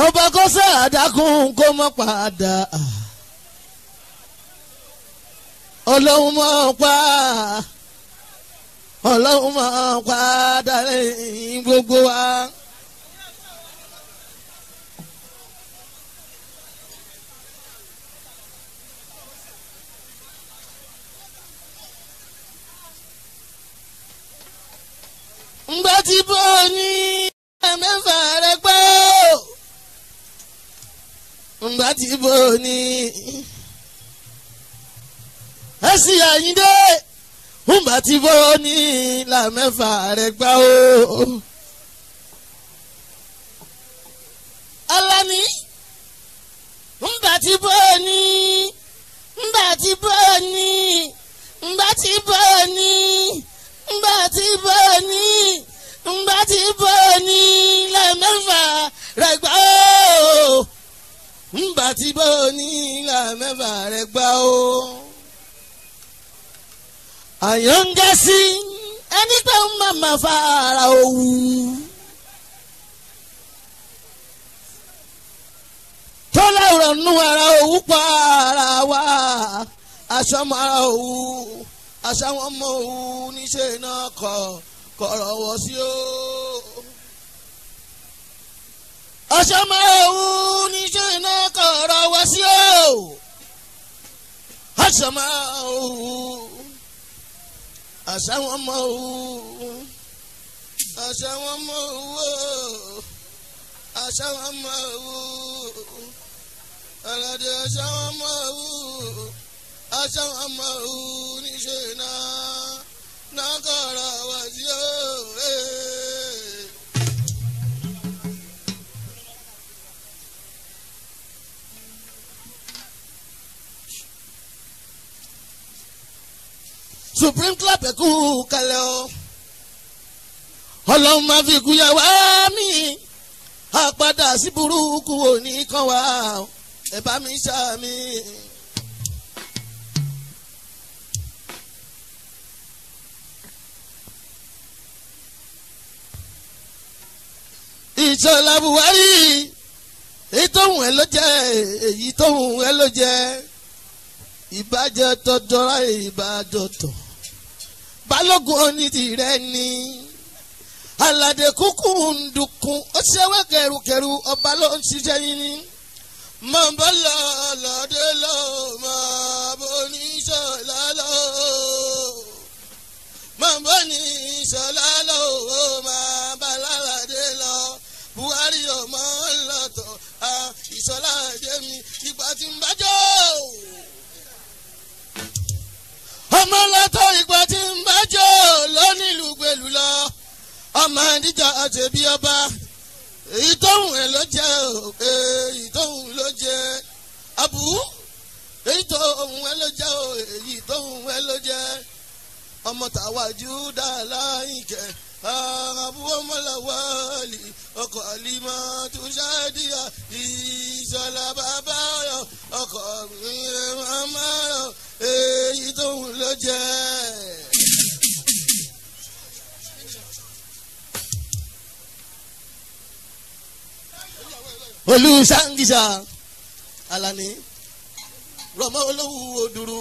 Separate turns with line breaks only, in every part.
ọba kọ́sẹ́ àdákùn kó mọ́ padà ọlọ́run mọ́ pa ọlọ́run mọ́ padà lẹ́yìn gbogbo wa. ngbàtí bọ́ọ̀ ni ẹ̀mẹ́fà rẹ pẹ́ ǹgbà tí bò ní. ẹ sì àyíndé ǹgbà tí bò ní làmẹ́fà rẹ̀ gbá o. alani ǹgbà tí bò ní ǹgbà tí bò ní ǹgbà tí bò ní ǹgbà tí bò ní ǹgbà tí bò ní làmẹ́fà rẹ̀ gbá o ńgbà tí bó ní ìlà mẹ́fà rẹ̀ gbá o. àyàn ń gá sí ẹni tó ń màmá fa ara òwú. tó láwùrọ̀ nú ara òwú pa ara wa aṣọ mọ ara òwú aṣọ wọn mọ òwú níṣẹ́ náà kọ̀ kọ̀rọ̀ wọ̀ sí o aṣọ́mọ òun níṣẹ́ iná kọ̀ọ̀rọ̀ wá sí o aṣọ́mọ òun àṣàwọn ọmọ òun àṣàwọn ọmọ òun àṣàwọn ọmọ òun aládé àṣàwọn níṣẹ́ iná náà kọ̀ọ̀rọ̀ wá sí o. supreme club ẹ̀kú kalẹ̀ o ọlọ́run máa fi kú yàwá mi àpadà sí burúkú òní kan wá ẹ bá mi ṣàmì. ìṣọ̀lá buhari èyí tóhùn ẹ ló jẹ èyí tóhùn ẹ ló jẹ ìbàjẹ́ tọ́jọ́ra ìbàdọ̀tọ̀ balógun oní tìrẹ ni aládé kúkú ń dùnkún ó ṣẹwẹ́ kẹrùkẹrù ọba ló ń ṣiṣẹ́ yín ni mọ̀ ń bọ́ lọ lọ́dẹ lọ máa bọ́ ní sọ̀lá lọ mọ̀ ní sọ̀lá lọ máa bá lálàdé lọ buhari ọmọ ńlọtọ̀ ìsọ̀lá ẹ̀dẹ́ mi ìgbà tí ń bá jọ́ ọmọ lọ́tọ̀ ìgbà tí ń bá jọ lónìlú pẹ̀lú lọ ọmọ àdìjà àtẹ̀bí ọba èyí ẹ̀ ló jẹ́ òkè èyí ló jẹ́ abu èyí tóhùn ẹ̀ ló jẹ́ òkè e, èyí ẹ̀ ló jẹ́ ọmọ tàwa jù láyìnkẹ́ àràbùwọ́ mọ́làwálì ọkọ̀ àlìmọ́ tó ṣáàdìyà ìṣọ̀lá bàbá yọ ọkọ̀ rírẹ̀ màmá yọ èyí tó ń lọ jẹ́. olùsàǹgìsà alani rọmọ olówó odùrú.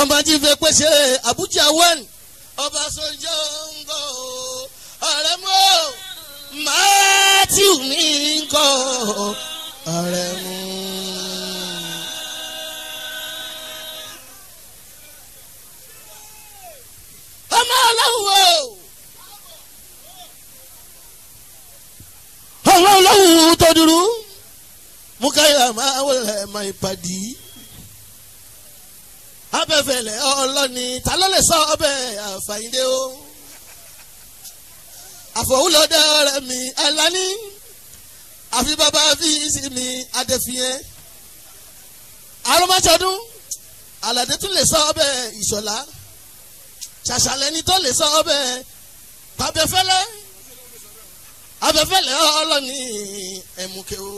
ọba ti fẹ́ pèsè Abuja one ọba sọjọ́ ń bọ̀ ọ̀rẹ́ mọ́ Matthew mi ń kọ́ ọ̀rẹ́ mú. ọmọ ọlọ́wọ́ ọmọ ọlọ́wọ́ tó dúró mú káyọ̀ máa wọlé máa pàdé abẹ́fẹ̀lẹ̀ ọlọ́ni ta ló lè sọ ọbẹ̀ àfàyíndé o àfọwúlọ́dẹ ọ̀rẹ́ mi ẹlẹ́ni àfi bàbá fi ìsì mi adẹ́fiyẹn arúmọ́sọdún àlàdé tún lè sọ ọbẹ̀ ìṣọ̀lá ṣàṣàlẹ́ni tó lè sọ ọbẹ̀ pàbẹ́fẹ́lẹ́ abẹ́fẹ́lẹ́ ọlọ́ni ẹ̀mùkẹ́ o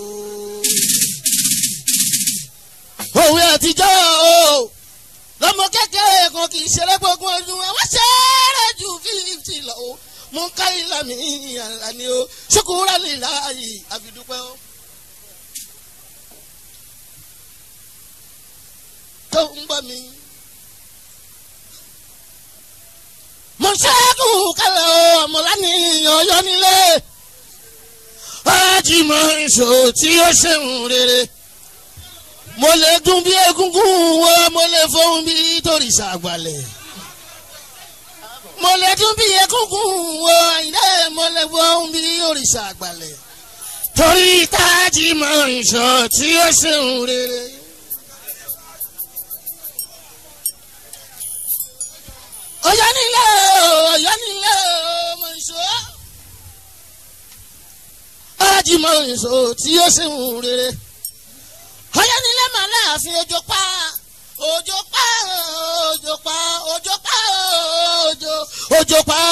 òwe àtijọ́ o ọmọ kékeré kan kì í ṣeré gbogbo ọdún ẹ wọ́n ṣeré ju fífi lọ o mú ká ìlà mi ìyàrá ni o ṣùkúrà lè láàyè àbídúpẹ́ o. tó ń gbọ́ mi. mo ṣẹ́kù kálẹ̀ o ọmọláníyàn yọ nílé. ọjì mọ́ tí ó ṣe ń rere mo lè dún bí egúngún wo mo lè fọhùn bí tòrìṣà àgbàlẹ̀ mo lè dún bí egúngún wo àyìnlẹ̀ mo lè fọhùn bí òrìṣà àgbàlẹ̀ torí táàjì mọ ìṣọ tí ó ṣeun rere. ọ̀yọ́ nílẹ̀ ọ̀yọ́ nílẹ̀ ọmọ ìṣó táàjì mọ ìṣọ tí ó ṣeun rere ọyọ́ nílẹ̀ màá láàfin ojó pa ojó pa ojó pa ojó pa ojó ojó pa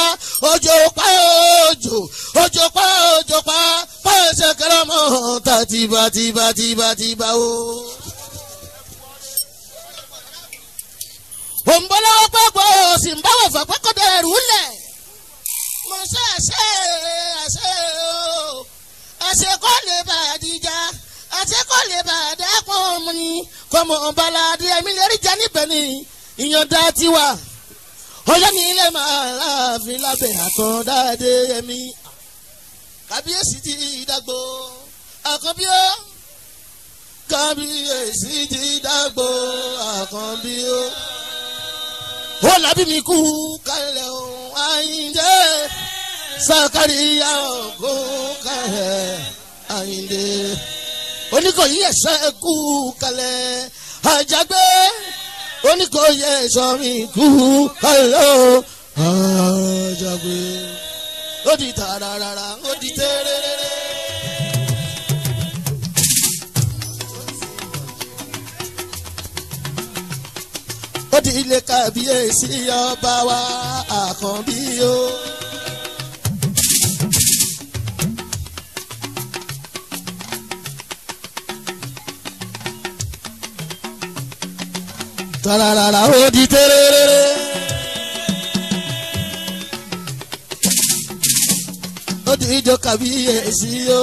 ojó pa ojó ojó pa ojó pa pa ẹsẹ̀ kẹrẹ́mọ́ ta tìbà tìbà tìbà tìbà o. òǹbọ̀lọ́wọ́ pẹ́pọ̀ òsì ń báwọ̀ fàpẹ́ kọ́dọ̀ ẹ̀rù lẹ̀. mo ṣe àṣẹ àṣẹ o àṣẹ kọ́ lè bàdíjà àti kò lè bàdá kó mu ni kó mu bala di ẹ̀mí lérí jẹ́ níbẹ̀ ni ìyọ̀dá ti wà. ọjọ́ ní ilé máa láàfin lábẹ́ àkàndáde ẹ̀mí kábíyèsí ti dàgbò àkànbí ó kábíyèsí ti dàgbò àkànbí ó. ó làbí mi kú kalẹ̀ òun àyíǹde sàkàríyà ògùn kalẹ̀ àyíǹde oníkòyí ẹ̀sán ẹ̀kú kalẹ̀ àjàgbé oníkòyí ẹ̀sán mi kú kalẹ̀ àjàgbé ó di tààràràrà ó di tẹ́rẹ́rẹ́rẹ́. ó di ilé kábíyèsí ọba wa àkànbí o. tararara ó oh, di tẹ́rẹ́rẹ́rẹ́. ó oh, di ijó kàbíyèsí ó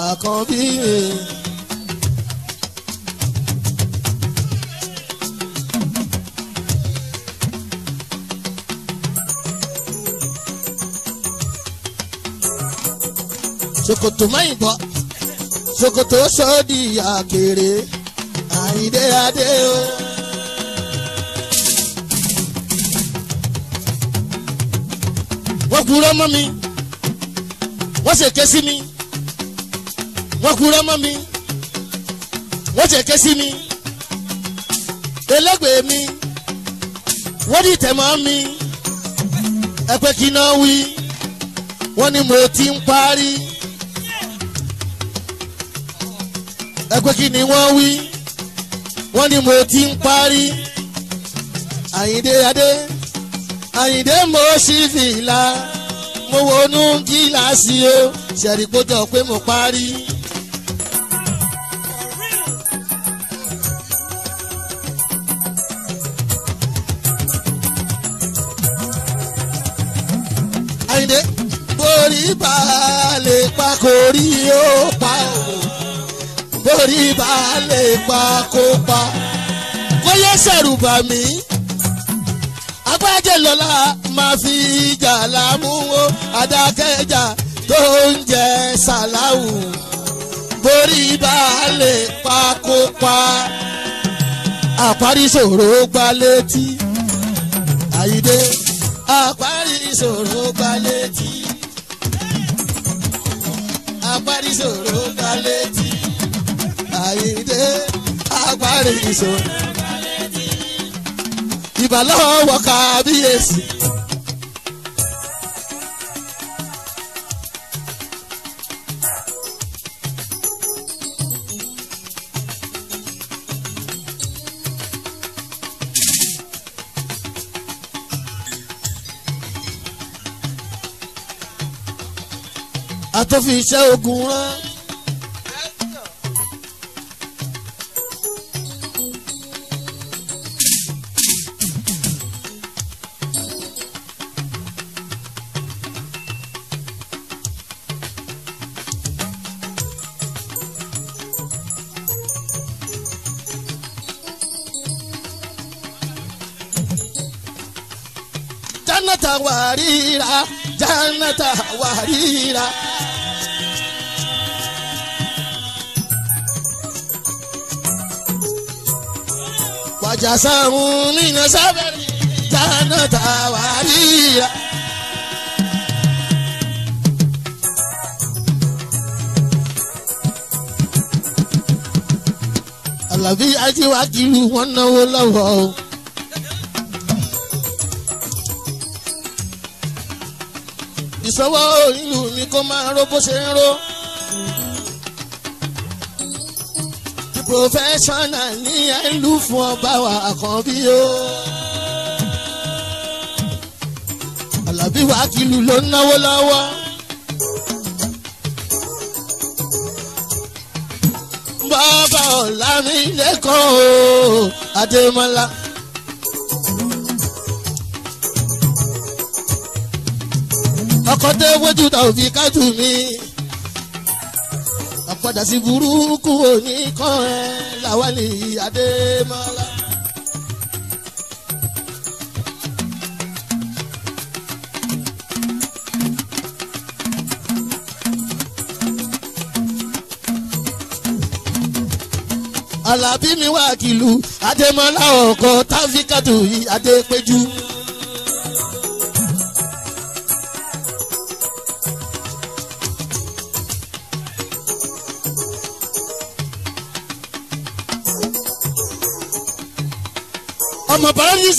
àkànbí rẹ̀. ṣòkòtò mayinbọ ṣòkòtò sọọdi àkèrè àyíndé adé o. wọ́n kúrọ́ mọ́ mi wọ́n ṣèké sí mi wọ́n kúrọ́ mọ́ mi wọ́n ṣèké sí mi elégbèé mi wọ́n ní tẹ̀mọ́ mi ẹ pé kí náà wí wọ́n ní mo ti ń parí ẹ pé kí wí wọ́n ní mo ti ń parí àyíndé adé àyíndé mo ṣì fìlà mo wọnú kíláàsì o ṣẹ̀rí kó tọ̀ pé mo parí. Àyìndé borí balẹ̀ pa kò rí ó pa o borí balẹ̀ pa kó pa kó yẹ sẹ̀rù bà mí lọ́la má fi ìjà lámúwò adákẹ́jà tó ń jẹ sàláwù borí baálé pakópa àparíṣòro gba létí àyídé àparíṣòro gba létí àparíṣòro gba létí àyídé àparíṣòro ìbàlọ́wọ́ kábíyèsí. tó fi iṣẹ́ ogun rán. jannata warira jannata warira وجسهم من سبر جنة وعريرا àlàbí ajé wa kiri wọn náwó lọ́wọ́ o. ìsanwó ìlú mi kó máa ró bó ṣe ń ró. professional ní ẹlú fún ọba wa àkànbí o. Àlàbí wákìlù ló ń náwó lọ́wọ́. Bàbá Ọlámilẹ́kan o Adémọ́lá. Ọkọ̀ tẹ́ wójú ta kájú mi padà sí burúkú òní kan ẹ Lawali Adémọ́lá. Àlàbí mi wà kìlú Adémọ́lá ọkọ táfíkàtù yìí Adépéjú.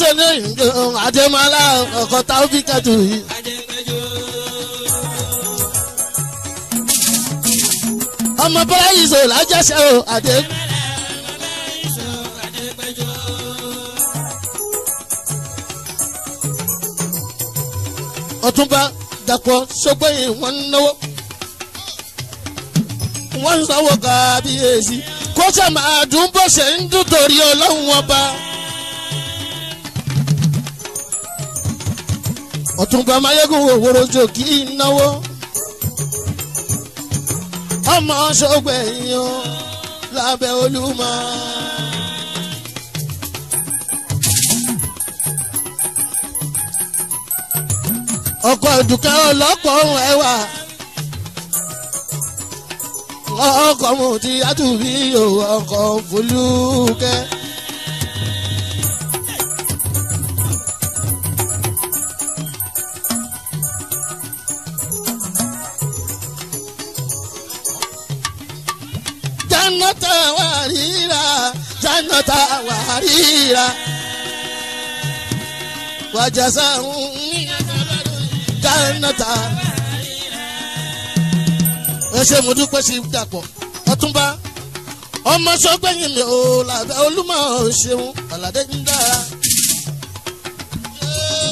ṣe ní ìjọ àjẹmọ́lá ọkọ̀ táwọ́fíkàtù yìí. ọmọ bọ́láyìísọ lájẹsẹ o àdé. ọ̀túnba dàpọ̀ sọgbẹ́yìn wọn ń náwó wọ́n ń sanwó kábíyèsí kó sàmà àdúgbò ṣe ń dùn torí ọlọ́run ọba. ọ̀túnba mayegun òwòrò jò kí náwó ọmọ ṣọgbẹ̀yìn o lábẹ́ olúmọ. ọkọ̀ ìdùkẹ́ ọlọ́pọ̀ ohun ẹwà ọkọ̀ mu ti yàtúbí ọkọ̀ fúlùkẹ́. حريرا وجزاهم جنة ẹ ṣé mo dúpẹ́ sí dàpọ̀ ọtúnba ọmọ sọgbẹ́yìn mi ò làbẹ́ olúmọ̀ ṣeun àlàdé ń dára.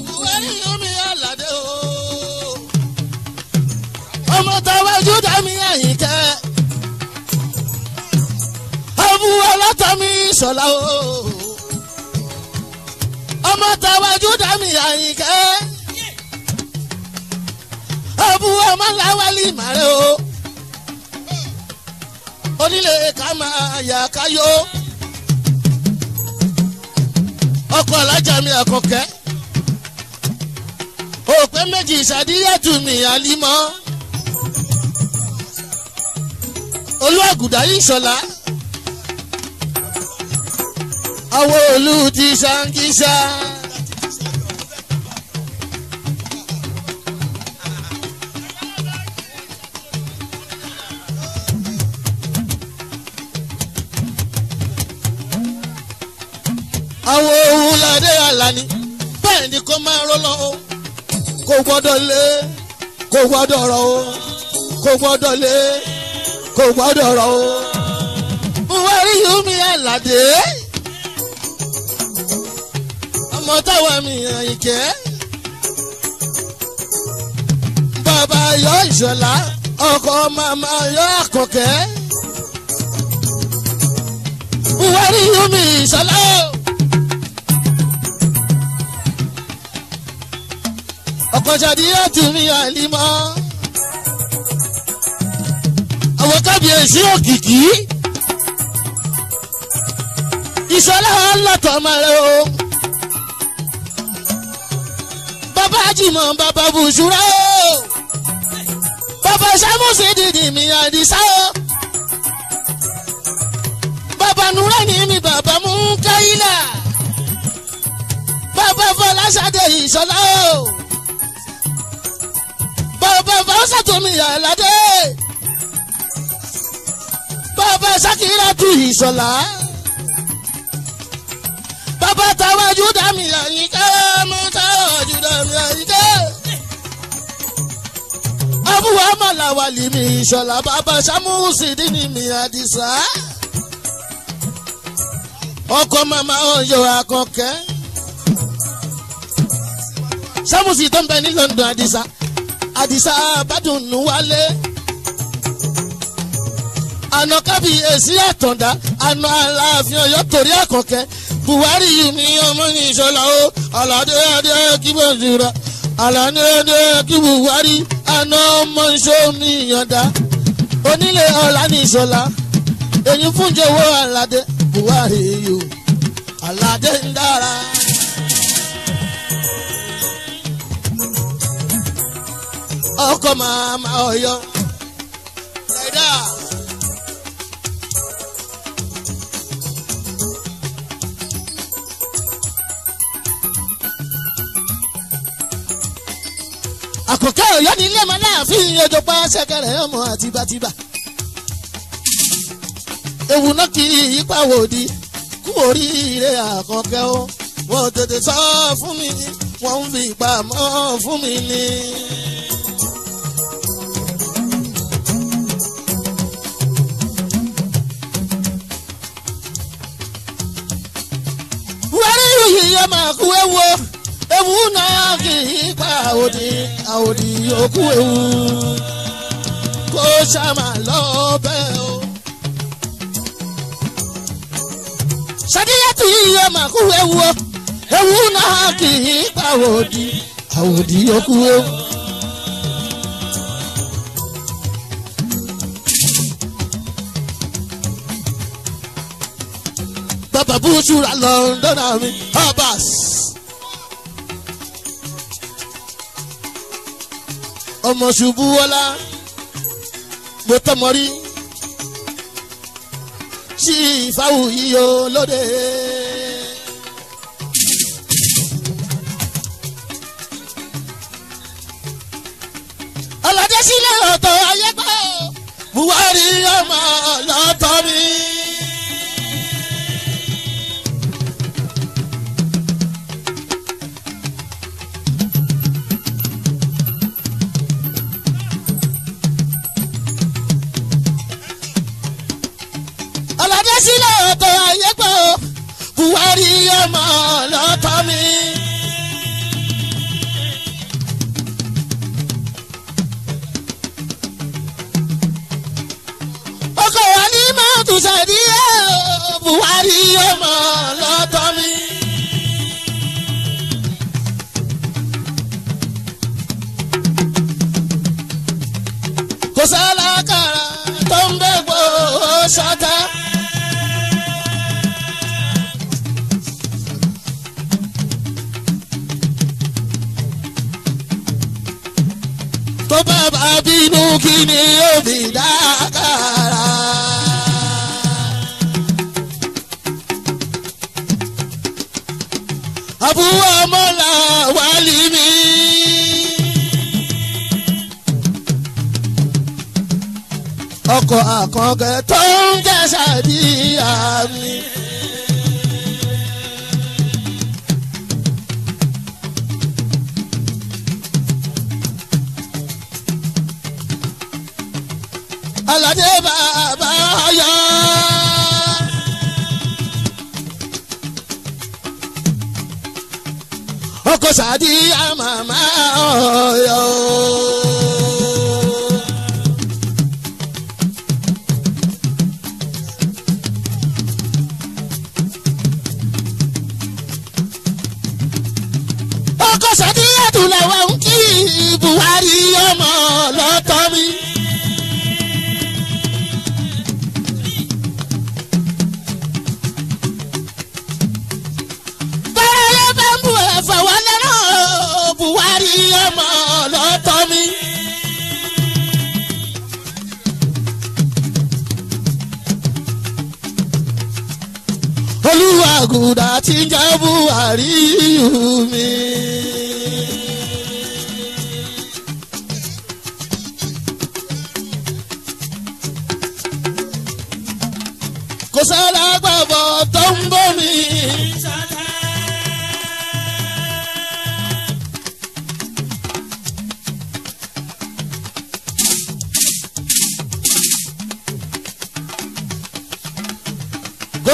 buhari omi àlàdé o ọmọ tàwájú dàmí mi sọ̀la o ọmọ tàwájú dàmí àyìnkẹ́ ọbú ọmọ làwálì màrẹ́ o onílé ká máa yà káyó ọkọ alájà mi àkọkẹ́ òpé méjì ìṣàdíyàtú mi àlímọ́ olú àgùdá yìí ṣọlá àwọn olú ti ṣàǹkíṣà. àwọn ohun ládé àlàní bẹ́ẹ̀ ni kò máa rọ́ o kò gbọ́dọ̀ lé kò gbọ́dọ̀ rọ o kò gbọ́dọ̀ lé kò gbọ́dọ̀ rọ o. mo wá rí yumi àlàdé ọmọ táwa mi àyìnkẹ́. bàbá yọ ìṣọ̀lá ọkọ màmá yọ àkọ́kẹ́. wọ́n rí omi ìṣọ̀lá o. ọ̀pọ̀jáde yóò tún mi àlímọ́. àwọn kábíyèsí òkìkí. ìṣọ̀lá ọlọ́tọ̀ máa rẹ o. bàbá jìmọ̀ bàbá bùsùrà o bàbá sàmùsì dìdì mi àdìsá o bàbá nura ni mi bàbá mú káyílà bàbá fọláṣadé ìṣọlá o bàbá fọláṣàtòmí àládé bàbá sakiratu ìṣọlá bàbá tàwájú dàmí àyíká mọ́ jùlọ rìn àyíjẹ́. abúwa màlàwà lì mí ìṣọ̀lá bàbá sámúsì dínì mi àdìsá. ọkọ màmá ọyọ akọkẹ. sámúsì tó ń bẹ ní London àdìsá àdìsá bàdùnnú wálé. àná kábíyèsí àtọ̀dá àná aláàfin ọ̀yọ́ torí àkọ́kẹ́ buhari yìí ni ọmọ ní ìṣọlá o aládé adé kí bọ́ọ̀sì rà aládé adé kí buhari àná ọmọ ìṣó mi yọ̀ǹda onílé ọ̀la ní ìṣọlá èyí fúnjọwọ́ aládé buhari yìí o aládé ń dára. ọkọ̀ màmá ọ̀yọ́. àkókò lónìí ilé fi láàfin ejò pa ṣẹ̀kẹ̀rẹ̀ ọmọ àtibátibà ewu náà kì í pàwọ́ òdi kú oríire àkọ́kẹ́ o wọ́n tètè sọ fún mi wọ́n ń fi ìpamọ́ fún mi ni. wọ́n rí ìròyìn máa kú ewu ewu náà kì í pa àwòdì àwòdì òkú ewu kó ṣàmà lọ bẹ́ẹ̀ o. ṣàdíyàtì iye màkú ewu o ewu náà kì í pa àwòdì àwòdì òkú ewu. bàbá búṣúra lọ ń dọ́nà mi Abbas. ọmọ ṣubú wọlá mo tọmọ rí sí ìfáwù yíyọ lóde. ọlọ́dẹ sílẹ̀ ọ̀tọ̀ ayé gbọ́ buhari ọmọ ọlọ́tọ̀ mi. kọ̀ọ̀kẹ́ tó ń kẹsà bí àmì. alade bàbá yọ. ọkọ sàdí àmàmà ọ̀yọ́. àgùdà tí ń jẹ́ buhari mi. kò sára gbàgbọ́ tó ń bọ̀ mí.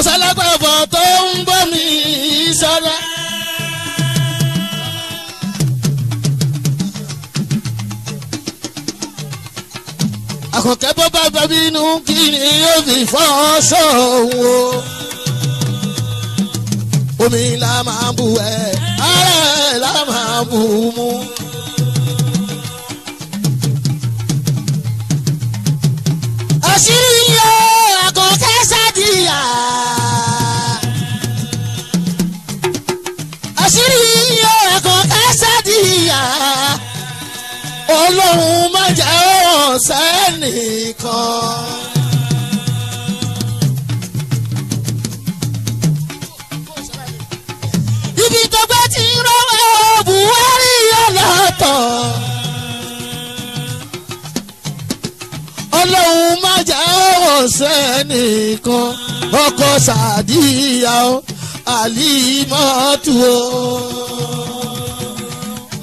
kò sálágbàfọ̀ tó ń bọ́ mi sọ́ra. àkànkẹ́ bó bá bá bínú kí ni yóò fi fọ́ sóhun o. omi la máa bu ẹ ara ẹ la máa bu mu. àṣírí àlàáfíà. àṣírí yíyọ ẹ̀kọ́ kásádìyà ọlọ́run má jẹ́ ọ̀sẹ̀ nìkan. ibi tó bá ti ń buhari yọ ọlọ́run má jẹ́ ọ̀sẹ̀ nìkan ọkọ sàdíyà ó àlìmọ́tù ó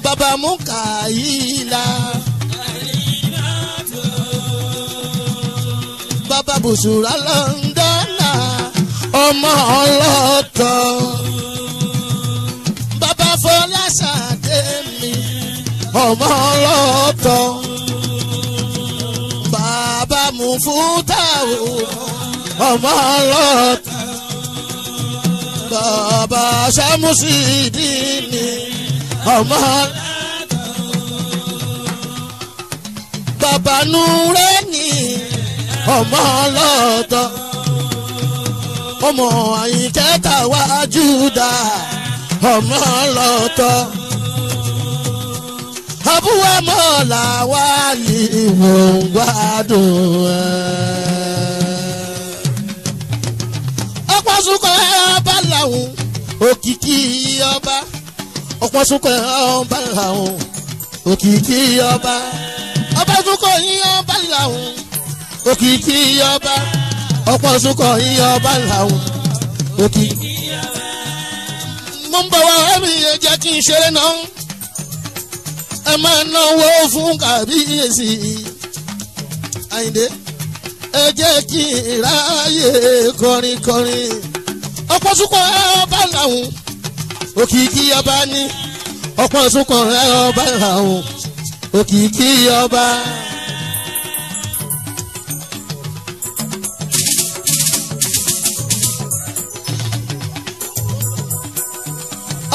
bàbá mú kàyílà bàbá bùsùrà lọ́ńdọ́là ọmọ ọlọ́tọ̀ bàbá fọlá sàdémi ọmọ ọlọ́tọ̀ bàbá mú fún táwọn ọmọ ọlọ́ta bàbá sàmùsì dìní ọmọ ọlọ́ta bàbá nùrẹ́ni ọmọ ọlọ́ta ọmọ àyíkẹ́ta wájú dá ọmọ ọlọ́ta abúwẹ́mọ́ làwọn àlè ìwọ̀n gbádùn ẹ̀. ọ̀pọ̀sùnkọ̀ ọba làwọn òkìkí ọba ọ̀pọ̀sùnkọ̀ ọba làwọn òkìkí ọba ọ̀pọ̀sùnkọ̀ ọba làwọn òkìkí ọba ọ̀pọ̀sùnkọ̀ ọba làwọn òkìkí ọba. mo ń bọ̀ wá ẹ̀mí ẹ jẹ́ kí n ṣeré náà ẹ máa náwó fún kàbíyèsí Àyìndé ẹ jẹ́ kí n ráyè kọrin kọrin ọ̀pọ̀ súnkọ̀ ọba làwọn òkìkí ọba ní ọ̀pọ̀ súnkọ̀ ọba làwọn òkìkí ọba.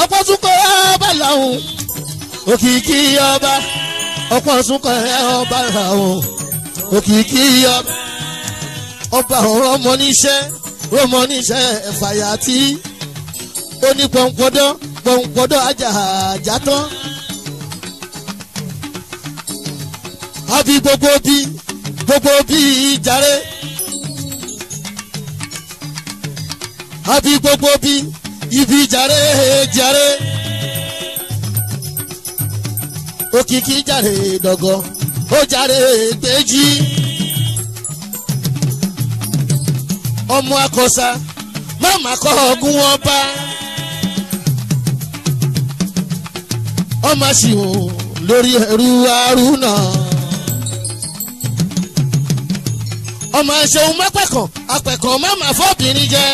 ọ̀pọ̀ súnkọ̀ ọba làwọn òkìkí ọba ọ̀pọ̀ súnkọ̀ ọba làwọn òkìkí ọba ọba ọ̀rọ̀ ọmọ níṣẹ́ rọmọ níṣẹ́ ẹ̀fàyà tí ó ní pọ̀npọ̀dọ́ pọ̀npọ̀dọ́ ajáàjátán. àbí gbogbo bí gbogbo bí ìjàre àbí gbogbo bí ibi ìjàre jàre òkìkí jàre dọ̀gọ́ ó jàre gbèjì. ọmọ akọsa máma kọ́ ọgún wọn bá ọmọ ṣìwò lórí ẹrú arúnà ọmọ ṣeun mẹ́pẹ̀kàn apẹ̀kàn máma fọ́bìnrin jẹ́.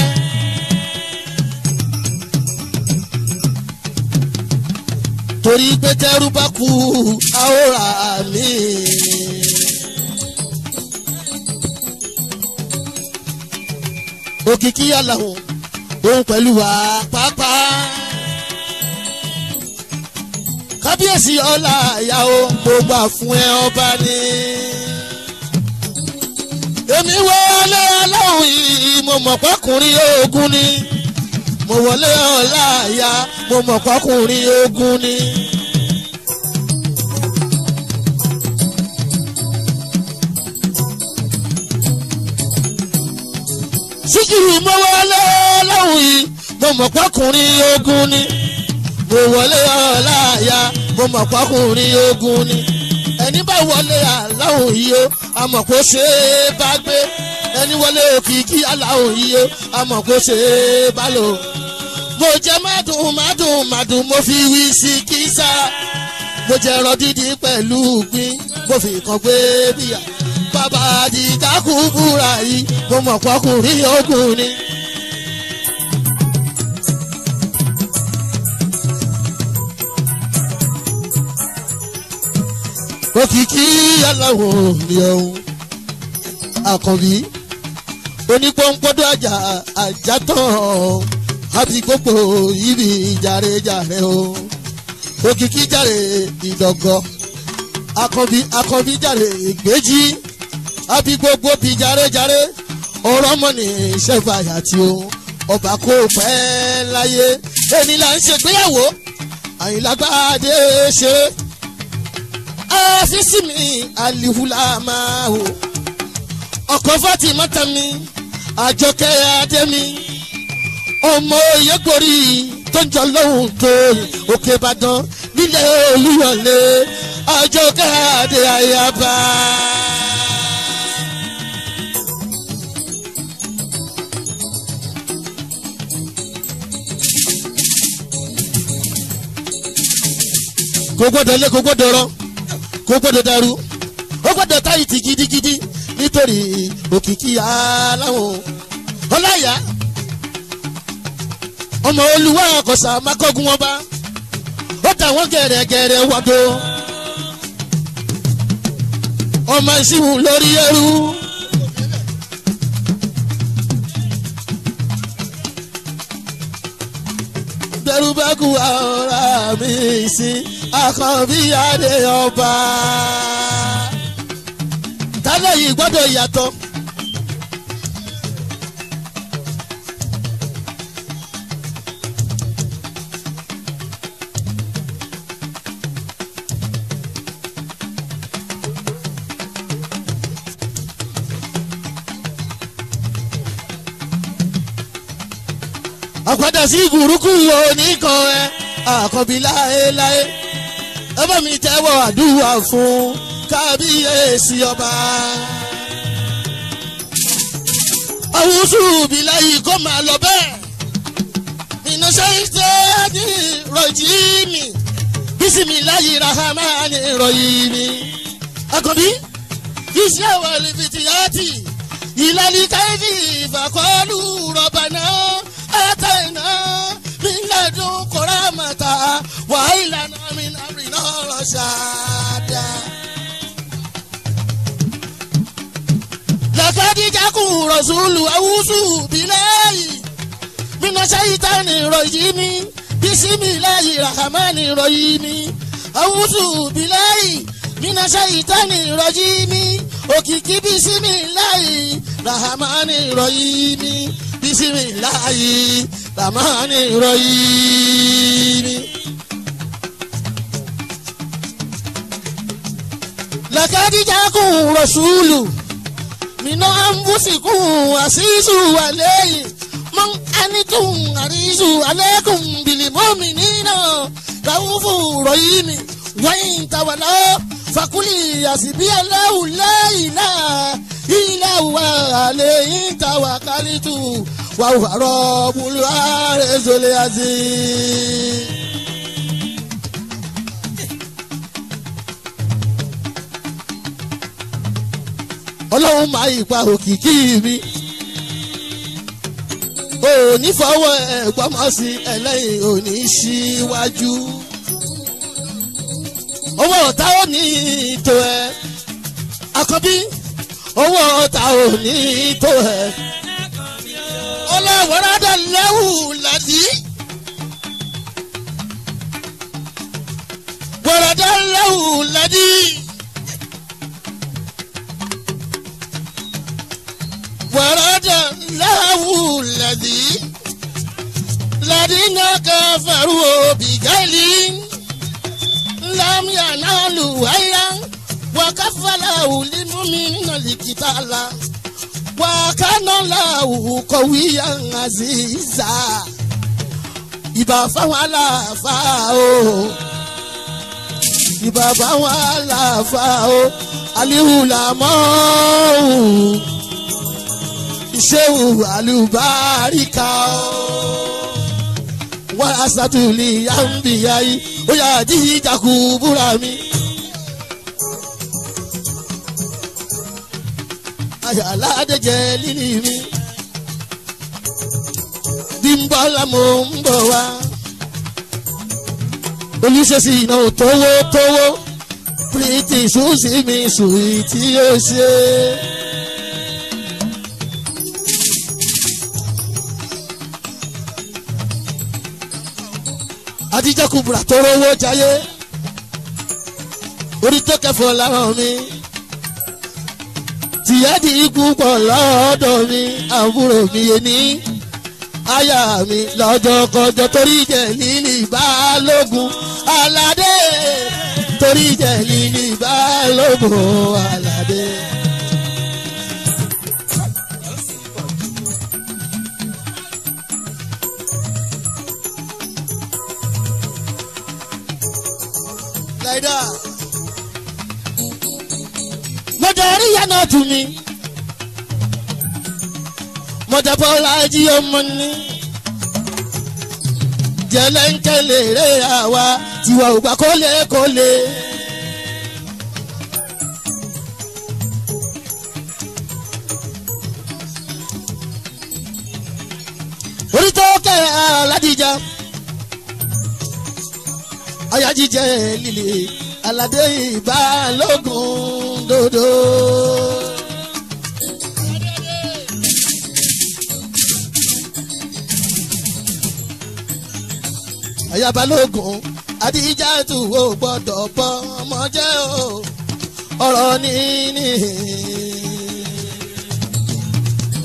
torí pé tẹ́rú bá kú àwòrán mi. òkìkí aláwọ̀ òun pẹ̀lú wa pàápàá. kábíyèsí ọlá àyà o mo gbà fún ẹ ọba ni. èmi wọlé ọlọ́run yìí mo mọ̀ pọ́kùnrin ogun ni mo wọlé ọlá àyà mo mọ̀ pọ́kùnrin ogun ni. síkìrì mo wọlé lọ́hùn yìí mo mọ̀ pọ́kùnrin ogun ni mo wọlé ọláàyà mo mọ̀ pọ́kùnrin ogun ni ẹni bá wọlé aláhùn yìí o àmọ̀ kó ṣe é bá gbé ẹni wọlé òkìkí aláhùn yìí o àmọ̀ kó ṣe é bá lò. mo jẹ mádùn mádùn mádùn mo fi wí sí kísà mo jẹ ẹrọ dídí pẹ̀lú gbin mo fi kàn gbé bíyà bàbá àdìjà kú búra yìí mo mọ̀ pọkùnrin ogun ni. òkìkí aláwọ̀ ni ọ̀hún àkànbí onípọ́npọ́dọ̀ àjà àjàtàn àti gbogbo ibi jàrejàre o òkìkí jàre ìdọ̀gọ́ àkànbí àkànbí jàre ìgbéjì àbí gbogbo bí jàrèjàrè ọ̀rọ̀ mọ̀ ní ṣẹ́fàyà tí ó ọba kò pẹ́ láyé ẹni là ń ṣègbéyàwó àyìnlágbáde ṣeré ọ́fíìsì mi àlìhùlà máa hù ọkọ̀ fátimọ́tà mi àjọkẹ́ adémi ọmọ ìyẹ́gbòrí tó ń jọ lóhùn tó òkè ìbàdàn nílẹ̀ olúyọ̀lé àjọkẹ́ adé ayaba. kò gbọ́dọ̀ lé kò gbọ́dọ̀ rọ kò gbọ́dọ̀ dàrú ó gbọ́dọ̀ táyìtì gidigidi nítorí òkìkí aláwọ̀ ọláyà ọmọ olúwa àkọsà mákọ́gun wọn bá ó dà wọ́n gẹ̀rẹ́gẹ̀rẹ́ wàdó ọmọ ìsìnkú lórí ẹrú. arúgbákù àwòrán mi sí àkànbíyàdé ọba. tálẹ̀ yìí gbọ́dọ̀ yàtọ̀. padà sí gùrúkú oníkan ẹ àkọ́bí láéláé ẹ bá mi tẹ́wọ́ àdúrà fún kábíyèsí ọba. àwùsù bíláyì kó máa lọ bẹ́ẹ̀ iná ṣẹ́yìntẹ́ ní rọ̀jì mi bísímì láyì rahama ní rọ̀yì mi. àkọ́bí iṣẹ́ wọlé fìtìyàtì ìlàlí káyìí ìfàkọ́lù rọ̀bà náà. آتينا من لدنك رحمة وهب لنا من أمرنا رشدا لقد جاءكم رسول أوصوا بالله من الشيطان الرجيم بسم الله الرحمن الرحيم أعوذ بالله من الشيطان الرجيم òkìkí bísímìláì rahamani rọyìmí bisimilayi ramani rọyìmí. lẹ́kẹ́díjà kún rọ̀ṣúlù mìíràn asisu àṣìṣù àlẹ́yìn mọ́ arisu àríṣù àlẹ́kùn bìlìmọ́mì nínà ràwùfù rọ̀yìmí wọ́n ìtawàlá fakuli àṣìbí aláwùlẹ́ ìlà ilé wa àlẹ́ ìtawà kálítù wà wàrọ̀ bùlùwà rẹ̀ zọlẹ́ àti. ọlọ́run máa ìpa òkìkí mi òní fọwọ́ ẹ̀gbọ́mọ sí ẹlẹ́yìn òní síwájú owó ọ̀tá ò ìtò ẹ̀ àkọ́bí owó ọ̀tá ò ní tó ẹ̀. ọlọ́wọ́rọ́ dẹ̀ lẹ́wù lẹ́dí. wọ́rọ̀ dẹ̀ lẹ́wù lẹ́dí. wọ́rọ̀ dẹ̀ lẹ́wù lẹ́dí. lẹ́dí náà kẹfẹ́rù òbí gẹ́lì. lámìà náà lù wáyé kafala ulinu minna likitala wa kana lahu qawiyan aziza ìbà fáwọn aláàfà o ìbà o alihulamọ́ o sehu alubarika wa asatuli yambiyayi oya jijaku bura mi aládéjẹ lílì mi bí ń bọ́lá mo ń bọ̀ wá oníṣẹ́sí iná tówó tówó pírítì ṣùṣì mi ṣùyí tí ó ṣe. adijọ́ kubura tó rówó jayé orí tó kẹfọ́ láwọn mi tìyáàdì ikú pọ̀ lọ́dọ̀ mi àbúrò mi yé ní àyà mi lọ́jọ́ kọjọ́ torí jẹ̀ lílì balógun aládé torí jẹ̀ lílì balógun aládé. dẹ̀rí yànnà tù mí. mọ̀tàbọ̀ láàjì ọmọ ní. jẹlẹ́ńkẹ́lẹ́ rẹ̀ àwa tiwa ògbà kólé orí tó kẹ́ ẹ̀ aládìjà ayájíjẹ́ líle aládé ìbálògùn dòdò. ayabalógun adíjàtú ò gbọ́dọ̀ bọ́ ọmọ jẹ́ o ọ̀rọ̀ níní.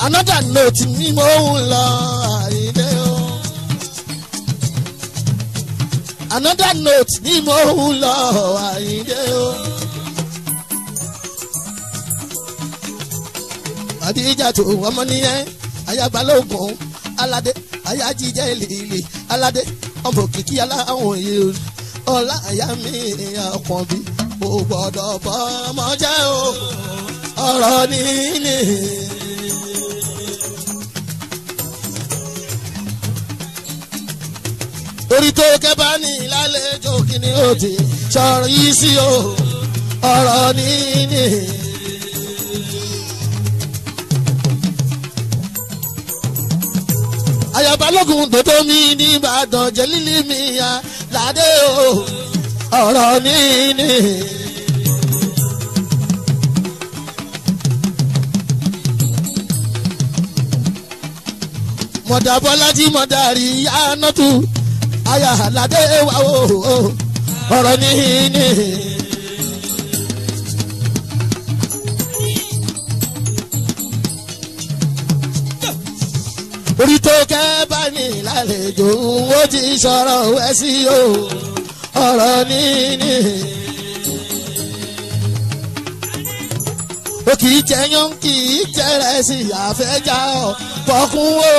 another note ni mò ń lọ another note ni mo ń lọ àyíndé o. àdíjà tó ọmọ nìyẹn ayabalógun aládé ayájíjẹ ìlìlì aládé ọmọ òkìkí aláwọn yìí ọlá àyà mi ọkàn bí mo gbọ́dọ̀ bọ ọmọ jẹ o ọ̀rọ̀ nìyí nìyí. torí tó kẹ́bá ní ìlàlejò kìíní òdì sọ̀rọ̀ yìí sí o ọ̀rọ̀ níní. àyàbálógun tòótó mi ní ìbàdàn jẹ́lílì mi ya ládé o ọ̀rọ̀ níní. mọ̀dà bọ́lájí mọ̀dà rí yánátù àyà àlàdé wa o ọ̀rọ̀ ní ní. orí tó kẹ́ bá ní lálejò ó ti sọ̀rọ̀ wẹ́ sí o ọ̀rọ̀ ní ní. o kì í jẹyán kì í jẹrẹ sí àfẹjá ọ pọkún o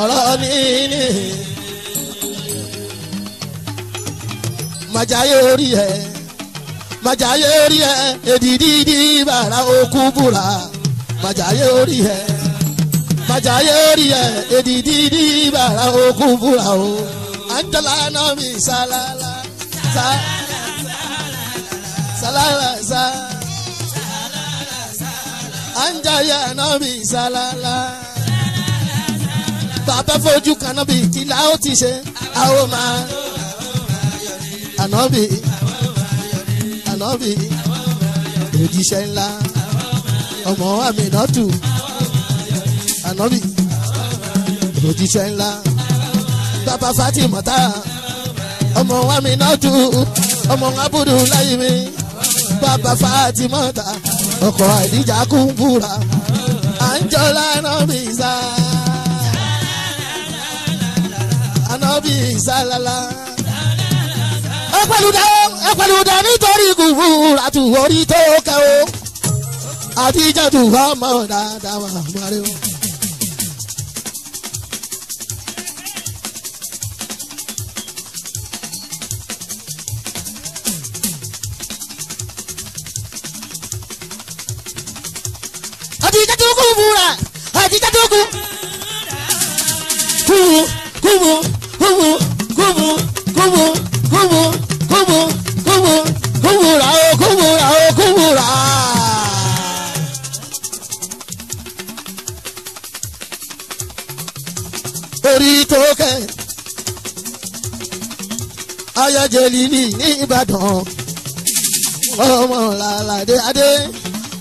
ọ̀rọ̀ ní ní. màjáyé orí ẹ màjáyé orí di bara bàrà okú bùrà màjáyé orí ẹ màjáyé orí ẹ èdìdídì bàrà okú bùrà o àǹtẹ̀lá náà mi sálálá sálálá sálálá àǹjáyé náà mi salala, bàbá fojú kan náà bí kí la ó ti ṣe àwọn máa ànábì ànábì òjíṣẹ́ ńlá ọmọ àmìnátù ànábì òjíṣẹ́ ńlá bàbá fatimata ọmọ àmìnátù ọmọ abudu láyé mi bàbá fatimata ọkọ àdìjà kúnbùrà àǹjọ́lá ànábì ìsà ànábì ìsà lálá ẹ̀pẹ̀lúdà nítorí kùfù àtúwórí tó kẹ́ o àti ìjàdù wà mọ́ dáadáa wà wárí o. kumu kumu kumu. rà àti ìjàdù jẹlili ní Ìbàdàn ọmọ làlàdé adé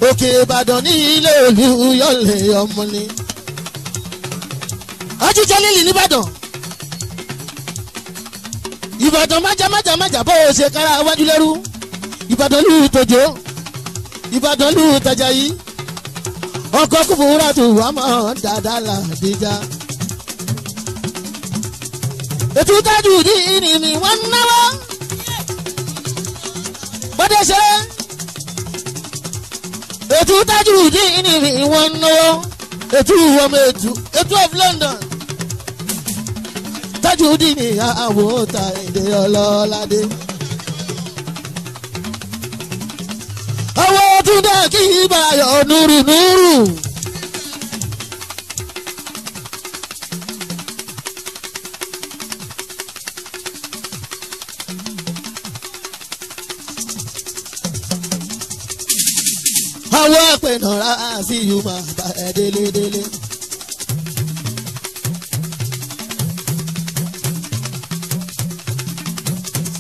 òkè Ìbàdàn ní ilé Olúyọ̀lé ọmọ ni. Ajú jẹlili nìbàdàn Ìbàdàn májà májà májà bó o ṣe kára wájú lẹ́rú Ìbàdàn lù tòjó Ìbàdàn lù tàjà yìí ọkọ̀ kúfúrà tó wà máa dáadáa làdíjà ètò tájú ìdí ìní mi wọ́n náwó bọ́dé ṣe ètò tájú ìdí ìní mi wọ́n náwó ètò ìwọ́mọ ètò ètò of London tájú ìdí awo àwọn òòtà ololade. Awo tun da dẹ́ kí ibà yọ̀ nùrùnùrù. sí yóò máa bá ẹ délé délé.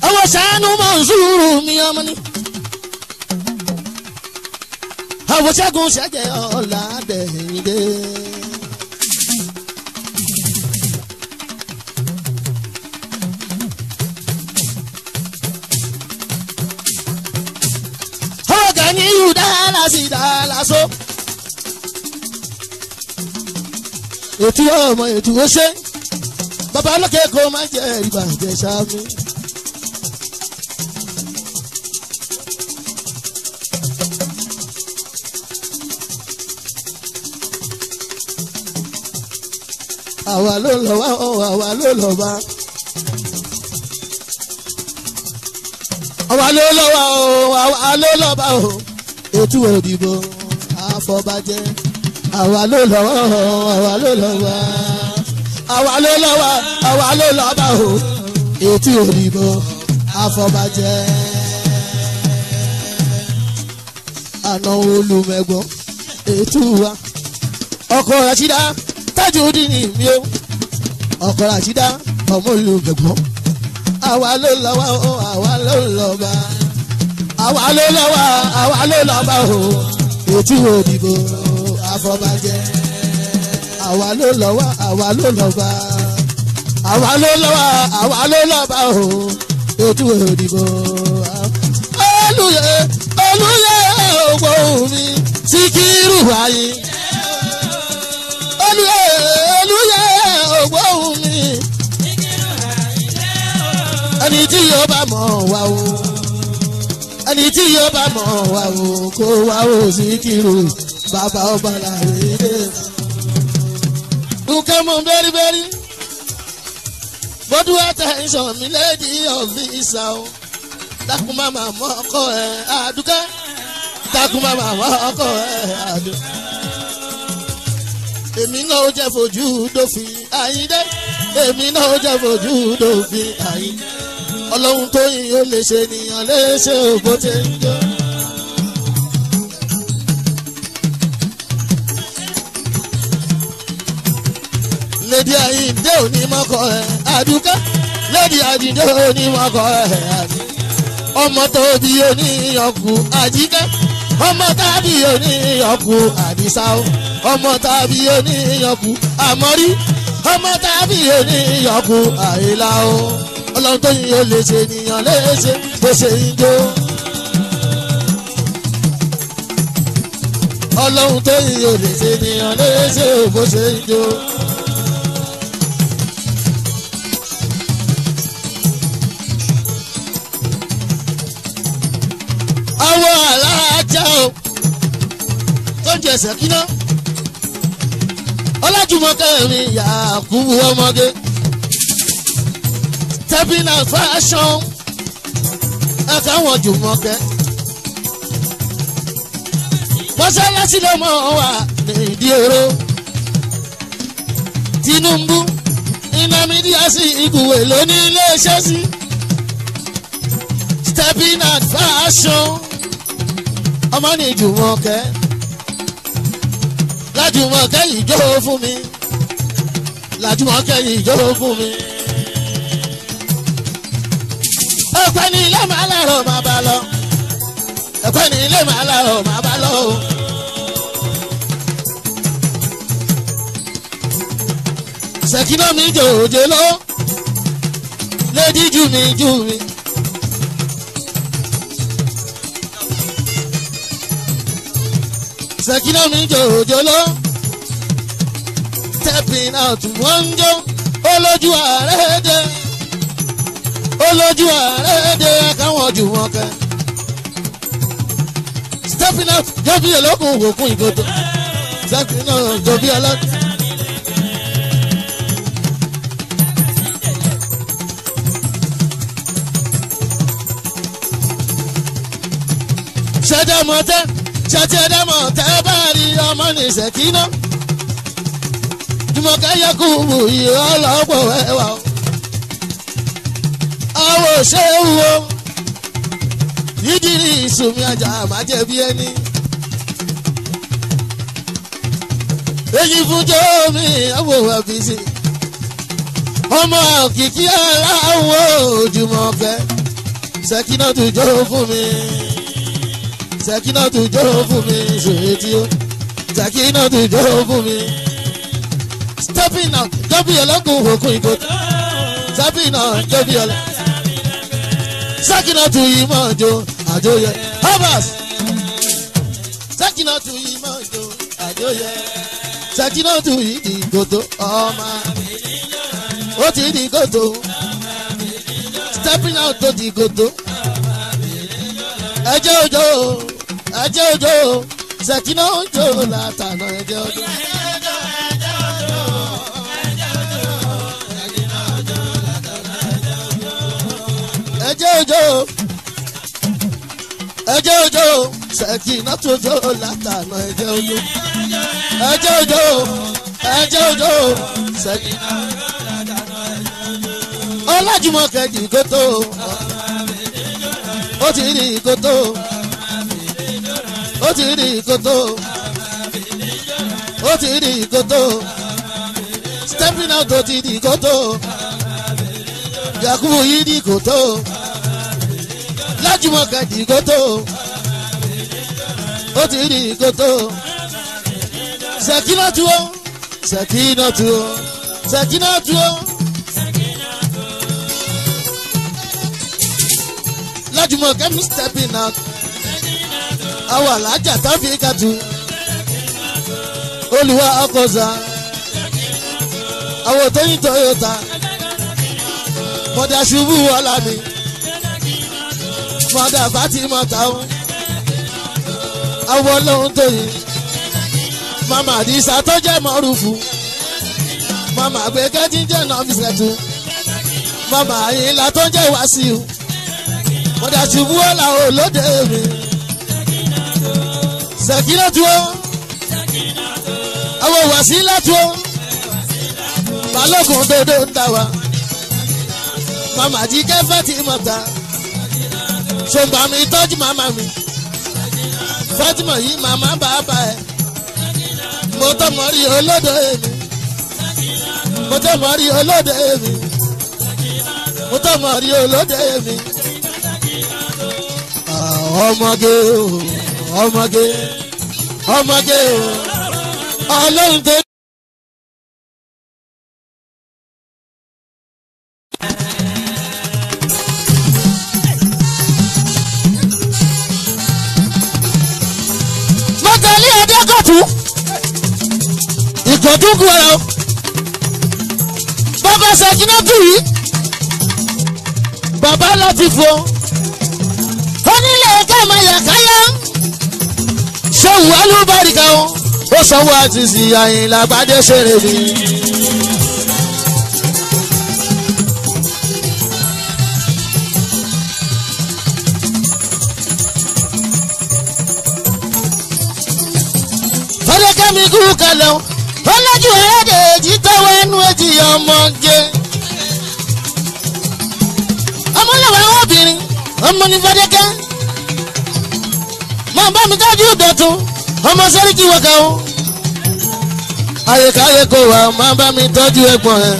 ọwọ́ sàánú mọ̀nsúrù mi ọmọ ni. àwọn ṣẹ́gun ṣẹ́jẹ̀ ọ̀la dẹ̀yìndé. ọwọ́ gani yù dáhà lásì lásò. ètí ọmọ ètí ó ṣe bàbá ọlọ́kẹ́ kó má jẹ́ ìbàjẹ́ sámi. àwa ló lọ wá ọ àwa ló lọ bá. àwa ló lọ wá ọ àwa ló lọ bá ọ ètò òdìbò àfọbàjẹ́ àwa ló lọ́wọ́ àwa ló lọ́wọ́
àwa ló lọ́wọ́ àwa ló
lọ́wọ́ o etí òdìbò afọbajẹ. àná olùmẹ̀gbọ́n ètò wa ọkọ̀ ràṣídá tájú dín ní mi o ọkọ̀ ràṣídá ọmọ olùmẹ̀gbọ́n àwa ló lọ́wọ́ o àwa ló lọ́ba àwa ló lọ́wọ́ àwa ló lọ́ba o ètò òdìbò fọba jẹ àwa ló lọ́wọ́ àwa ló lọ́ba àwa ló lọ́wọ́ àwa ló lọ́ba o ojú òdìbò olùyẹ olùyẹ ògbó mi Síkírù ayé olùyẹ olùyẹ ògbó mi ẹni tí yóò bá mọ̀ wá o ẹni tí yóò bá mọ̀ wá o kó wá o Síkírù bàbá ọba làwé dé. Nǹkan mọ̀ bẹ́rìbẹ́rì. Bọ́dú attention mi lady ọ̀fíìsà o. Dákun máa máa mọ ọkọ ẹ̀ àdúkẹ́.
Dákun máa máa mọ ọkọ ẹ̀
àdúkẹ́. Èmi náà ó jẹ́ fojú dòfin àyíndé. Èmi náà ó jẹ́ fojú dòfin àyíndé. Ọlọ́run tó yìn lè ṣe nìyàn léṣe òbó tẹ̀ lẹ́dí àyíǹde òní mọ́kọ ẹ̀ àdúkẹ́ lẹ́dí àyíǹde òní mọ́kọ ẹ̀ àdí. ọmọ tóbi oníyànkù àjíkẹ́ ọmọ tábí oníyànkù àdìsá o ọmọ tábí oníyànkù àmọ́rí ọmọ tábí oníyànkù àyílá o ọlọ́run tó yin o lè ṣe ènìyàn léṣe tó ṣe ń jó. ọlọ́run tó yin o lè ṣe ènìyàn léṣe bó ṣe ń jó. ẹsẹ̀ kíná ọlájúmọ́kẹ́ mi Yakubu ọmọge tẹ́bínà fashion ẹ̀ka wọn jùmọ̀kẹ́ mọ́sálásí ló mọ̀ wá nídìí oró Tinubu iná mi díẹ̀ sí ìgùwé lóní iléeṣẹ́ sí tẹ́bínà fashion ọmọ ní jùmọ̀kẹ́ làjùmọ̀kẹ́ yìí jó fún mi làjùmọ̀kẹ́ yìí jó fún mi. ọpẹ́ ní ilé màá lárọ̀ máa bá lọ ọpẹ́ ní ilé màá lárọ̀ máa bá lọ. sẹ̀kínà mi jòjò lọ lédi jù mí jù mí. sẹ̀kínà mi jòjò lọ stepping out wọ́n ń jó olójú ààrẹ dé olójú ààrẹ dé káwọn jù wọn kẹ. stepping out jọ́bí olókùn òkun ìgòtò stepping out jọ́bí ọlọ́dún. ṣẹjẹ mọtẹ ṣẹjẹ dẹmọ tẹ bá rí ọmọ nìṣẹ kí náà. Àmọ̀kẹ́ Yakubu yìí ọlọ́pọ̀ ẹwà o. àwọn òṣèlú o yídìrí ìsúnmi ajá àbájẹbí ẹni. èyí fún jọ́mi àwòrán bìsí ọmọ kìkì aláwọ̀ òjùmọ̀kẹ́ sẹ́kínà tó jọ́ fún mi sẹ́kínà tó jọ́ fún mi ṣèyí tí ó sẹ́kínà tó jọ́ fún mi. Sabina Jabiyalagun òkun ìbò Sabina Jabiyalagun Sakina tu ìmọ̀ jo àjòyẹ Habas Sakina tu ìmọ̀ jo àjòyẹ Sakina tu ìdí gòtò ọmọ ó ti di gòtò Sabina tó di gòtò ẹjẹ òjò ẹjẹ òjò Sakina òjò látàná ẹjẹ òjò. ẹjẹ́ òjò ẹjẹ́ òjò ṣẹ́kì náà tó jò látàná ẹjẹ́ òjò ẹjẹ́ òjò ẹjẹ́ òjò ṣẹ́kì náà ọlájúmọ̀ kẹ́jì kótó ó ti rí kótó ó ti rí kótó ó ti rí kótó stepping out ó ti rí kótó yakubu yìí rí kótó. Ajùmọ̀kẹ́ di kótó ó ti di kótó sẹ̀kínà tu ó sẹ̀kínà tu ó sẹ̀kínà tu ó. Lájùmọ̀kẹ́ mi àwọn alájà táfíìkà tu olùwà ọkọ̀ọ̀sà àwọn tóyìn Toyota mọ̀dà ṣubú wọlá mi fada fatima táwọn awọ lóhun tó yẹ mama àdìsá tó jẹ́ mọ́rùfù mama àgbẹ̀kẹ́ tí ń jẹ́ nọ́ọ̀fìsẹ̀ mama àyìnlá tó wasiu. jẹ́ wàsíù mọ̀dà ṣubú ọ̀là olóde mi sẹ̀kínà tó àwọn wàsílà tó balógun dodo ń dá wa mama àdìkẹ́ fatima táwọn ṣògbà mi tọ́jú màmá mi Fatima yìí màmá bàbá ẹ̀ mo tọ́ mọ́ rí olóde mi mo tọ́ mọ́ rí olóde mi mo tọ́ mọ́ rí olóde mi ah, ọmọge ọmọge ọmọge ọlọ́run tó kú ìpọ̀jù kú ara o bàbá Sàkínátù yìí bàbá láti fọ onílé kàmá yàkáyà ṣéwù alúbáríkà o ó sanwó àti sí àyìnlá gbadé ṣeré ni. lójú kalẹ̀ o ó lójú ẹ̀ẹ́dẹ̀ èjì tọ́wọ́ ẹnu èjì ọmọge. ọmọlẹ́wà obìnrin ọmọ ní fọ́dẹ́kẹ́ máa bá mi tọ́jú dọ̀tún ọmọ sẹ́ríkì wọ̀kẹ́ o. ayèkáyè kò wá máa bá mi tọ́jú ẹ̀gbọ́n ẹ̀.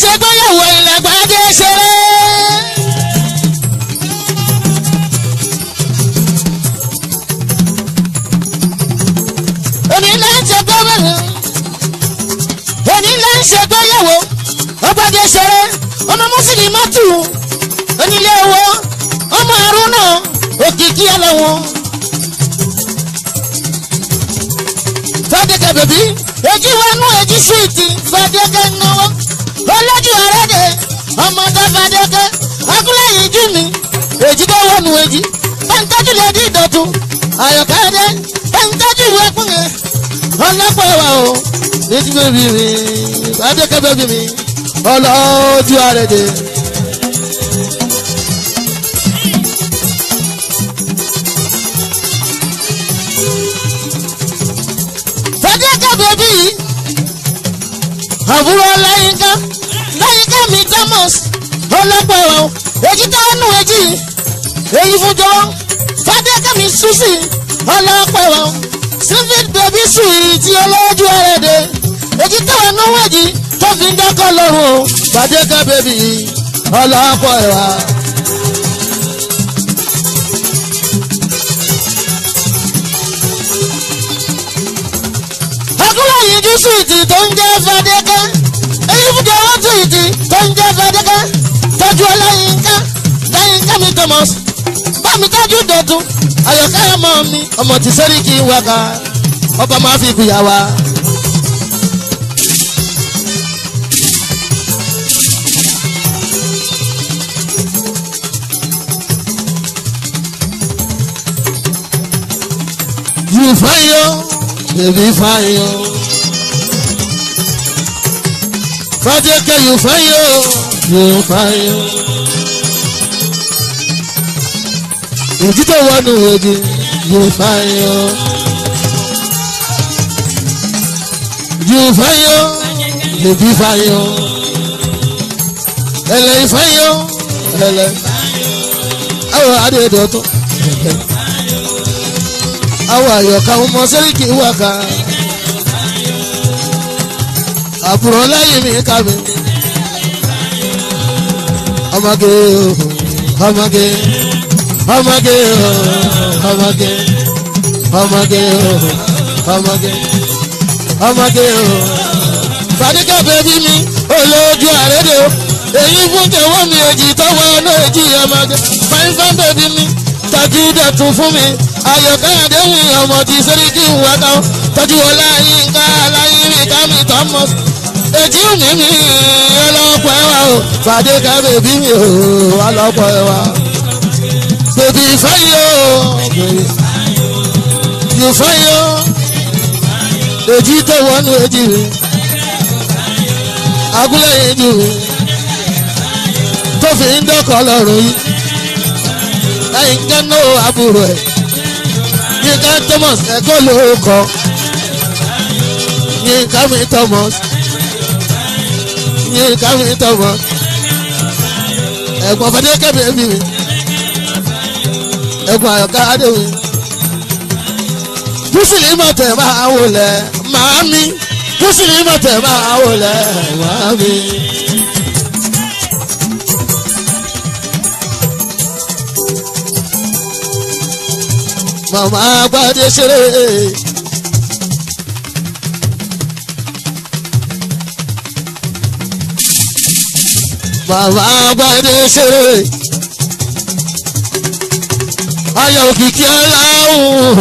ṣe gbéyàwó ìlẹ̀gbẹ́jẹ́ ṣeré. onílé ń ṣe gbọ́mọ̀nà onílé ń ṣe gbéyàwó ọgbẹ́jẹ́ ṣeré ọmọ mùsùlùmí mọ́tò onílé owó ọmọ àrùn náà òkìkí ọlọ́wọ́n. Fadeke bèbí, èjì wẹnu èjì suwìtì, Fadeke náwó olójú ọ̀rẹ́dẹ̀ ọmọ tọ́fadẹ́kẹ́ ọkùnrin jí mi èjì tó wọnú èjì pẹ́ńtẹ́jú lẹ́dí ìdọ̀tún àyọ̀kẹ́dẹ́ pẹ́ńtẹ́jú ìwé pín ọlọ́pọ̀ wà o èjì bẹ́bí mi adékẹ́ bẹ́bí mi olójú ọ̀rẹ́dẹ̀. fadẹ́kẹ́ bẹ́bí àbúrò mi thomas ọlọ́gbọ̀rọ̀ èjì táwọn èjì èyí fúnjọ fàdékàmí susi ọlọ́gbọ̀rọ̀ sylvie baby suwìtì ọlọ́jú ẹ̀rẹ̀dẹ̀ èjì táwọn náwó èjì tó fi lọ́rùn o fàdékà baby ọlọ́gbọ̀rọ̀. agúnlẹ̀ yìí jù suwìtì tó ń jẹ́ fàdékà. Thomas bámi tọ́jú dọ̀tún àyọ̀ká ọmọ mi ọmọ ti sẹ́rí kí n wákà ọba máa fi kùyà wá. You fine yo, baby fine yo. Fajeke you fine yo, you fine yo. òjì tó wọnú òjì yóò fáyọ. yóò fáyọ lèbi fáyọ. ẹlẹ́ ìfáyọ ẹlẹ́ awọ adéèdè ọtún ẹlẹ́ awọ àyọkà ọmọ sẹ́ríkì wákà àbúrò láyé mi kàmi ọmọge ọmọge ọmọge o ọmọge ọmọge o ọmọge ọmọge o fàdíkà bẹbí mi olójú àrédè o èyí fún tẹwọ́ mi èjì tọwọ́ ọ̀nà èjì ọmọge fáńfáń bẹbí mi tọ́jú dẹ̀tún fún mi ayọ̀ká àdéhùn ọmọ ti sẹ́ríkì wákà ó tọ́jú ọlá yín ká aláyín rí ká mi tọ́ mọ́ èjì mi mi ọlọ́pọ̀ ẹwà o fàdíkà bẹbí mi o ọlọ́pọ̀ ẹwà. Yufayo Yufayo èjì tó wọnú èjì rẹ agúlẹ̀ èjì rẹ tó fi ń dọ́kọ̀ lọ́rùn yìí lẹ́yìn kánú àbúrò ẹ̀ e. Yínká Thomas ẹ̀kọ́ e ló kọ́ Yínká mi Thomas Yínká mi Thomas ẹ̀gbọ́n fẹ́dẹ́kẹ́ bẹ́ẹ̀ mi ẹkùn àyọkà adéwì kùsìlì mọ̀tẹ̀ máa wò lẹ̀ màá mi kùsìlì mọ̀tẹ̀ máa wò lẹ̀ màá mi. màmá gbadé ṣeré. màmá gbadé ṣeré ayọ̀ òkìkí ọlọ́run.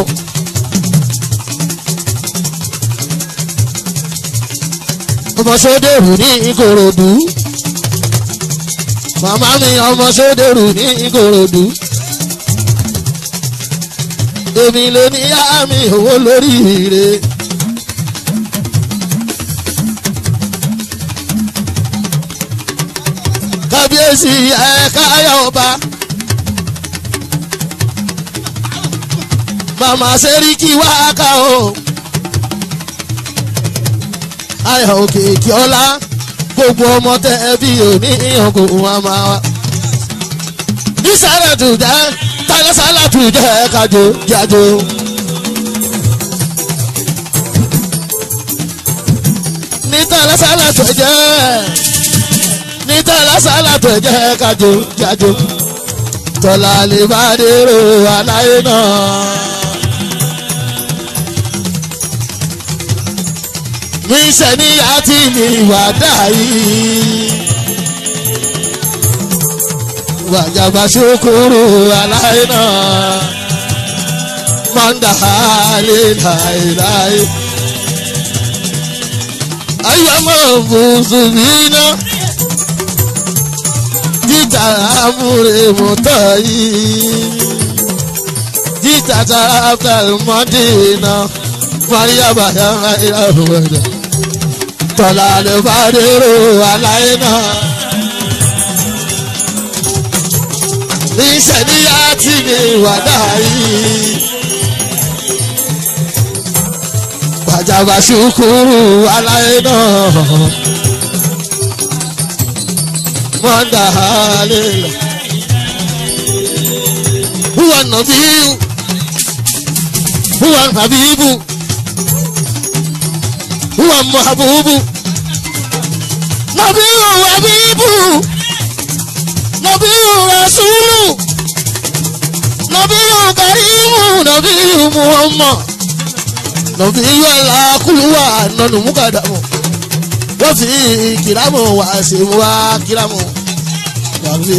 ọmọ sódèrú ní ìkòròdú màmá mi ọmọ sódèrú ní ìkòròdú èmi ló ní yá mi owó lórí ire. kábíyèsí ẹ̀ka ayọ̀ ọba. màmá sẹ́ríkì wá ká o. ayọ̀ òkè èkì ọlá gbogbo ọmọ tẹ ẹbí òní ìyàngò wọn máa wá. ní sàrẹ̀ tó jẹ́ tàyẹ̀ sàrẹ̀ tó jẹ́ kájọ jájọ. níta lásàlà tó jẹ́ níta lásàlà tó jẹ́ kájọ jájọ tọ́lá lè bá dèrò aláyé náà. níṣẹ́ níyà tí mi wà dà yìí. wàjàgbà ṣokòrò aláìná máa ń dà á lé ayé ọmọ òfurufú mi ná jíjà àmúre mọ́tọ́ yìí jíjà tá mọ́dínà. Maria Bahia, Maria Rueda tọ́lá ló bá dérò aláìná. níṣẹ́ níyà tí mi wà dáyìí. Bàjàbà ṣùkúrù aláìná. Mọ́ndà Halila. Wúwa nàbí. Wúwa nàbí ibù wà mọ àbúrú. nàbíyù àbíbù nàbíyù rasúlù nàbíyù kàrímù muhammad Nabiu alákùlùwà nọnù mùkàdàmù wọ́n fi kiramu, wá sí wá kìlámù wọ́n fi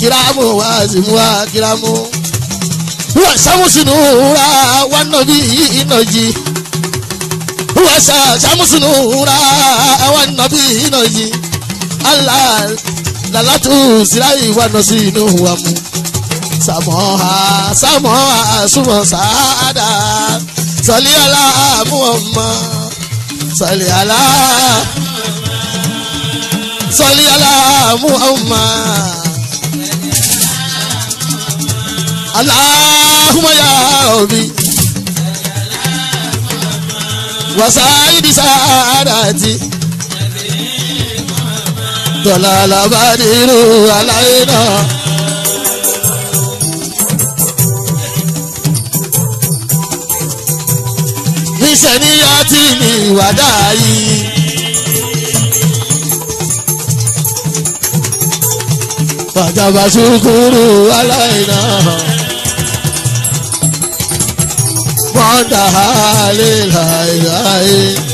kìlámù wá sí wá kìlámù wọ́n wasa samusunura awa nabi inoyi ala lalatu sirayi wa nọsi inu wa mu samoha samoha sumo saada sali ala muhamma sali ala sali ala muhamma alahumma ya Rabbi wasaidi saadati tọ́lá alábàdìrú aláìná. níṣẹ́ níyà tí mi wàdà yìí. Bàjàbà ṣukuru aláìná. ọ̀dà àlè láìláì.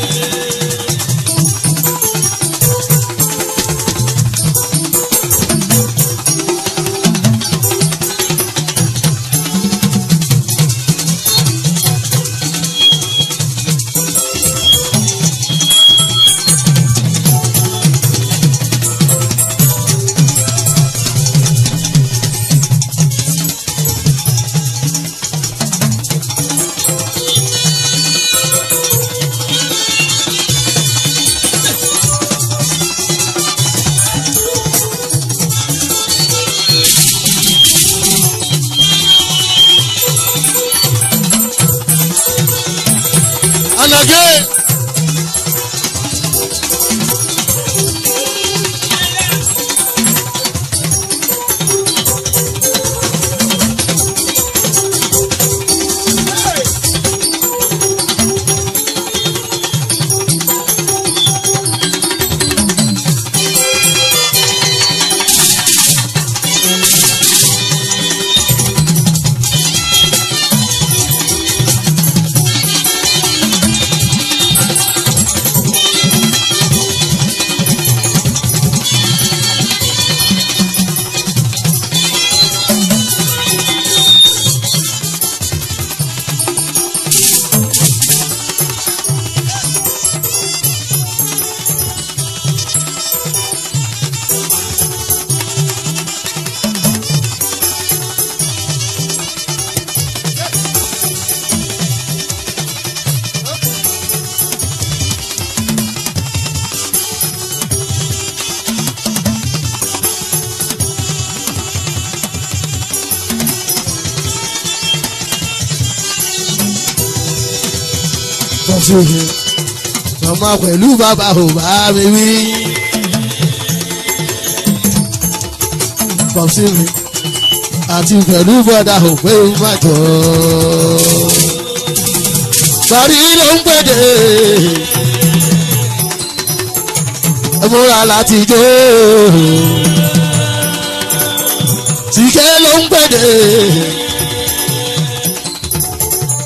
ṣòfò ọmọ pẹ̀lú bàbá ò bá mi wí. pọ̀sí mi àti pẹ̀lú bọ́dà ò pé ó má jọ. parí ló ń pèdè múra láti jó tìkẹ́ ló ń pèdè.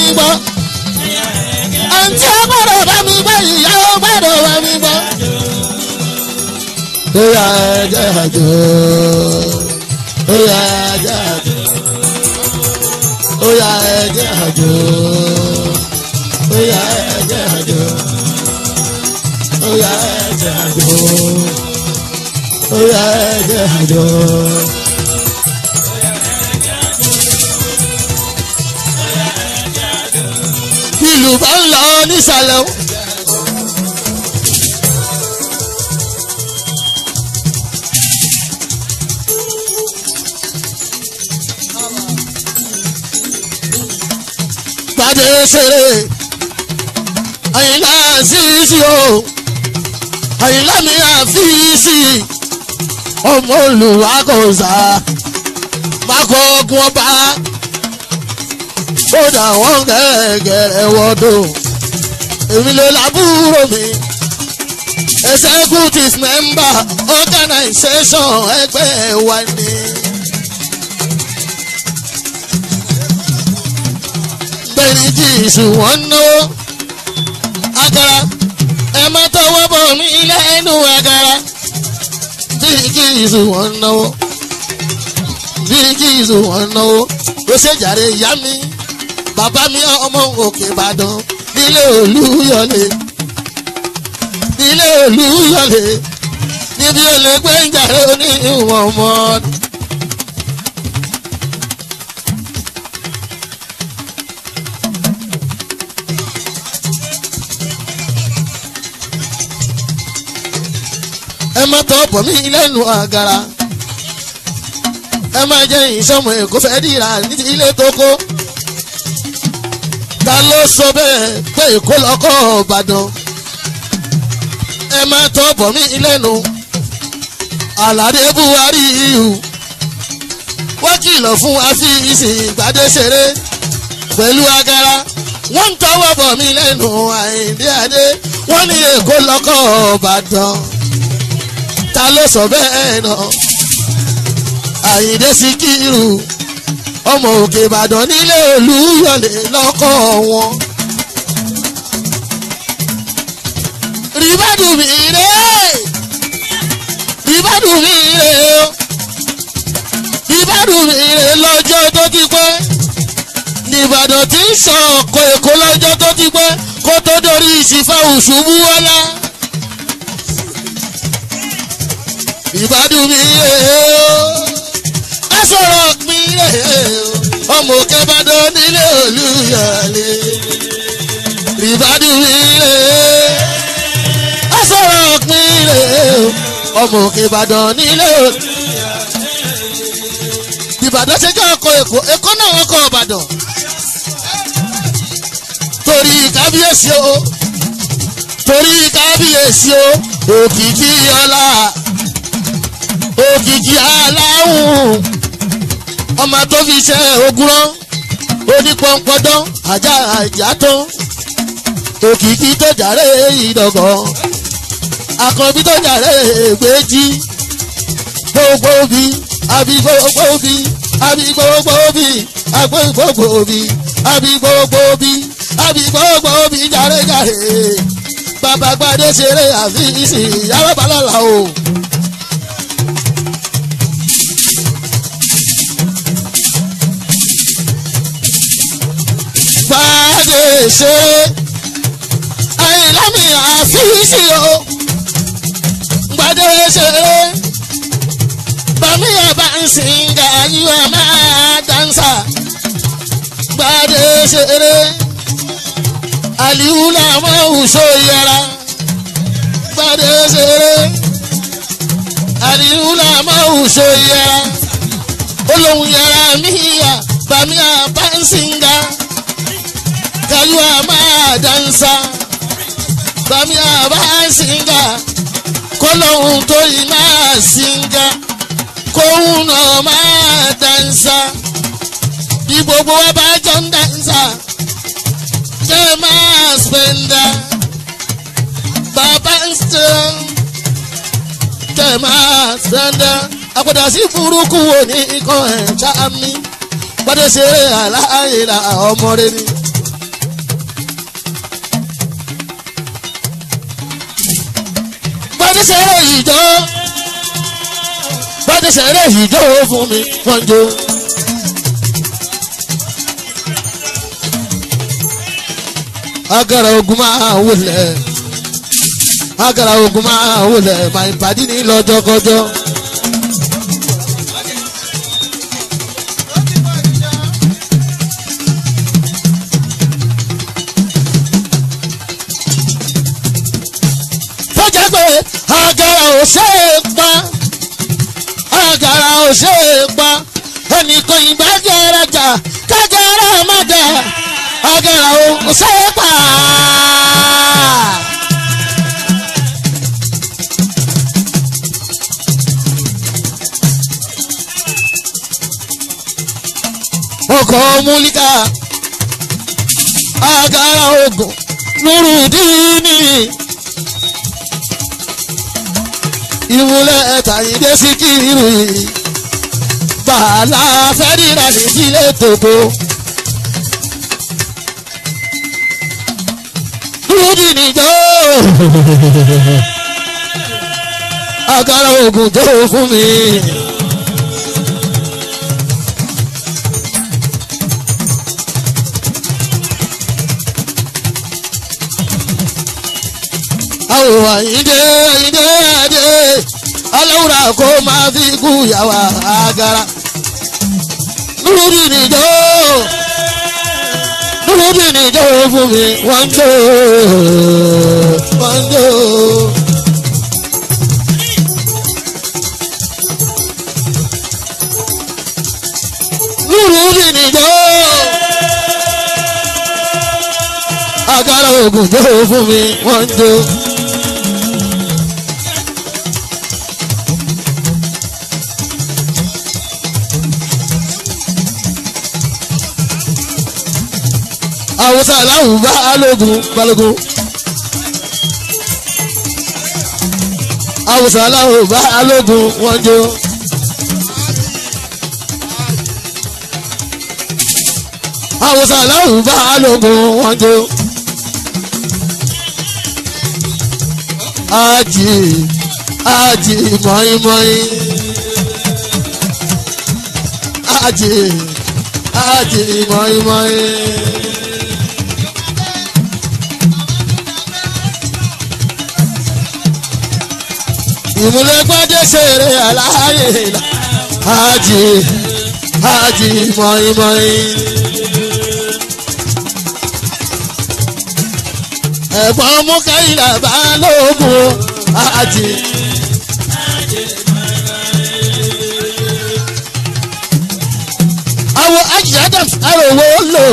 mi gbọ́. àǹtí ó gbọ́dọ̀ bá mi gbọ́ ìyá ó gbọ́dọ̀ bá mi gbọ́. ó yá ẹjẹ́ àjò ó yá ẹjẹ́ àjò ó yá ẹjẹ́ àjò ó yá ẹjẹ́ àjò ó yá ẹjẹ́ àjò ó yá ẹjẹ́ àjò. pẹ́ ń lọ nísàlẹ̀ o. Gbadé ṣeré àyìnlá ṣíṣí o àyìnlá mi àfíìsì ọmọ olùwàkọ̀ọ́sà mákọ̀ọ́gùn ọba kódà wọ́n gẹ́gẹ́rẹ́ wọ́dọ̀ èmi ló lábúrò mi executive member organization ẹgbẹ́ wa ni. bẹ́ẹ̀ni jésù wọ́n náwó agara ẹ má tọwọ́ bọ̀ mí lẹ́nu agara bíríkì ìṣù wọ́n náwó bíríkì ìṣù wọ́n náwó ó ṣèjàre ìyá mi bàbá mi ọmọ òkè ìbàdàn nílé olúyọlé nílé olúyọlé níbi olè gbé ń jàre oní ìwọ̀n mọ́. ẹ má tọ́ bọ̀ mí lẹ́nu àgàrà ẹ má jẹ́ ìṣọ́mọ èkó fẹ́ dìrà ní ilé tó kó ta ló sọ bẹ́ẹ̀ pé èkó lọ́kọ́ Ìbàdàn ẹ máa tọ́ bọ̀ mí lẹ́nu àlàdé Buhari ihò wọ́n kìlọ̀ fún wa fi ìsìn ìgbàdé ṣeré pẹ̀lú agara wọ́n ń tọwọ́ bọ̀ mí lẹ́nu Àyìndé Adé wọ́n ní èkó lọ́kọ́ Ìbàdàn ta ló sọ bẹ́ẹ̀ náà Àyìndé Síkírù ọmọ òkè ìbàdàn nílé ìlú yọlé lọ́kọ̀ wọn. rìbádùn mi rè rìbádùn mi rè o rìbádùn mi rè lọ́jọ́ tó ti pẹ́ nìbàdàn tí ń sàn ọkọ̀ èkó lọ́jọ́ tó ti pẹ́ kó tó dorí ìsìfà òṣùbù wọlá. ìbádùn mi rè o sọ̀rọ̀ gbilẹ̀ ọmọ òkè bá dán nílé olúyọ̀lé rìbádùn ilé á sọ̀rọ̀ gbilẹ̀ ọmọ òkè bá dán nílé olúyọ̀lé ìbàdàn ṣe jẹ́ ọkọ̀ èkó èkó náà wọ́n kọ́ ọ̀bàdàn torí kábíyèsí o torí kábíyèsí o òkìkí ọlá òkìkí aláwùn ọmọ tó fi ṣe ògúnrán onípọ̀npọ̀dán ajá àjà tán òkìkí tó jàre ìdọ̀gọ́ àkànbí tó jàre ègbèjì gbogbo òbí àbí gbogbo òbí àbí gbogbo òbí àgbò gbogbo òbí àbí gbogbo òbí àbí gbogbo òbí jàre jàre bàbá gbadé ṣeré àfi ìsìn yàrá balala o. ṣe ṣe ẹ̀yìn lámì àfíìsì o gbadé ṣe bàmí ọba ń sìn gàyí ẹ máa dáńsà gbadé ṣe àlìhù làwọn òṣò yẹra gbadé ṣe àlìhù làwọn òṣò yẹra olóhùn yẹra mí ìyá bàmí ọba ń sìn gàyí kalwa máa dáńsá sami àbá sínga kọlọ́hún tó yìí máa sínga kóhun náà máa dáńsá bí gbogbo wa bá jọ ń dáńsá jẹ́ máa spẹ́ndà bàbá ń sẹ́n kẹ́ máa spẹ́ndà àpàdà sí burúkú òní ikọ̀ ẹ̀ ṣáà mi gbọ́dọ̀ ṣeré àlàyé la ọmọ rẹ ni. ti ṣeré ìjó bá ti ṣeré ìjó fún mi wọ́n jó. agara ogun máa wulẹ̀ agara ogun máa wulẹ̀ màá ìpàdé ní lọ́jọ́kọjọ́. àjàrà ò ṣe é pa ẹnìkan ìgbà jẹrẹ jà kájàrà má jà àjàrà ò ṣe é pa. ọkọ̀ múlíkà àjàrà ogun nùrùdíìnì. ìmúlẹ̀ tàyídé sí kiri bàálà fẹ́rìnà sí sílé tòkó. dúdú nìjọ́ àkàrà ògùn tó fún mi. àwò àyíndé àyíndé àdé aláwùrà kó máa fi kú yàwá àgàrà nurudin ìjọ nurudin ìjọ fún mi wọ́n jó wọ́n jó. nurudin ìjọ àgàrà ògùn jó fún mi wọ́n jó. àwòsàn aláwùn bá alógun balógun. àwòsàn aláwùn bá alógun wọ́n jó. àwòsàn aláwùn bá alógun wọ́n jó. àjì àjì mọ́ínmọ́ín. àjì àjì mọ́ínmọ́ín. ìmúlẹ́gbọ́dé ẹ̀gbọ́n mú kẹ́hìnlá bá lóògùn àjì. àwọn àjì adams arówó lò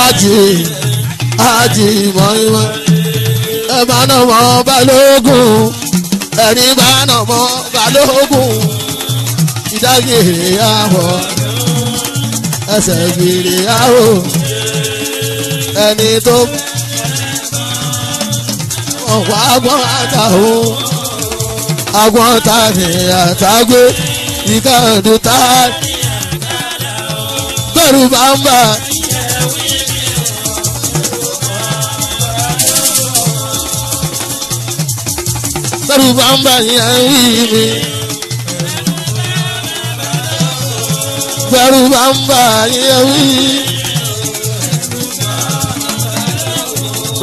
àjì àjì mọ̀ìmọ̀ì. ẹ̀gbọ́n náà mọ̀ ẹni gbaná mọ́ balógun ìdágìrì àwọ̀ ẹsẹ̀ gìrì àwọ̀ ẹni tó ọ̀pọ̀ agbọ́n àtàwọn agbọ́n tani àtàgbé ìkàndùn tani gbẹ̀rù bàbá. Baru bamba bá ń bà yín àrí mi. sẹ́rù bá ń bà yín àrí mi.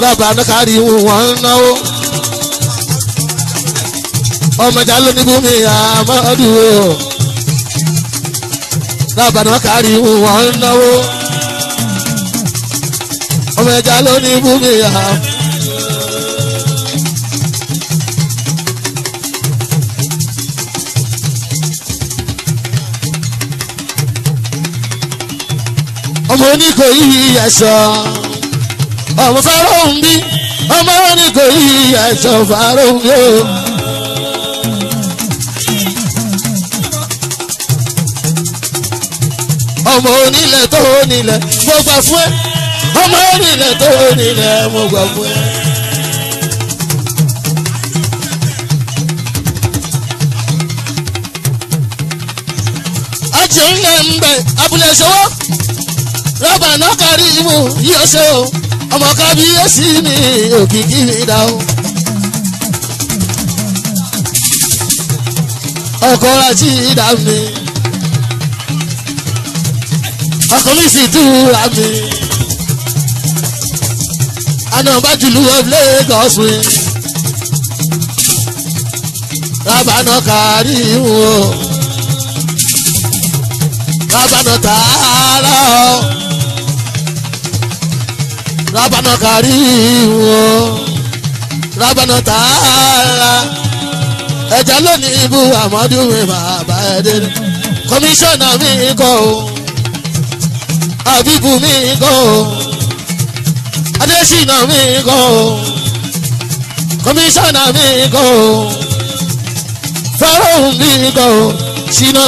rọ́bà nìkárí wọn náwó. ọmọdé alóníbùmí àmọ́dúró. rọ́bà nìkárí wọn náwó. ọmọdé alóníbùmí àmọ́dúró. ọmọ oníkòyí ẹ̀sọ́ ọmọ fáráhùn bí ọmọ oníkòyí ẹ̀sọ́ fáráhùn yóò. ọmọ onílẹ̀ tó onílẹ̀ mo gbà fún ẹ ọmọ onílẹ̀ tó onílẹ̀ mo gbà fún ẹ. ajé ńlẹ̀ ń bẹ abúlé ṣọwọ́ rọ́bà náà kárí ìmú yíyọ ṣe o ọmọ kábíyèsí ni òkìkí mi dá o. ọkọ rájí dá mi ọkọ mi sì dúra mi anambajulu of Lagos win rọ́bà náà kárí ìmú o rọ́bà náà tààrà o rabana kari wọn rabana taala ẹja lónìí ibú amadu mi bàbá ẹdẹ kọmíṣánná mi kọ o abibu mi kọ o adésínà mi kọ o kọmíṣánná mi kọ o fẹ́ràn mi kọ o ṣìnà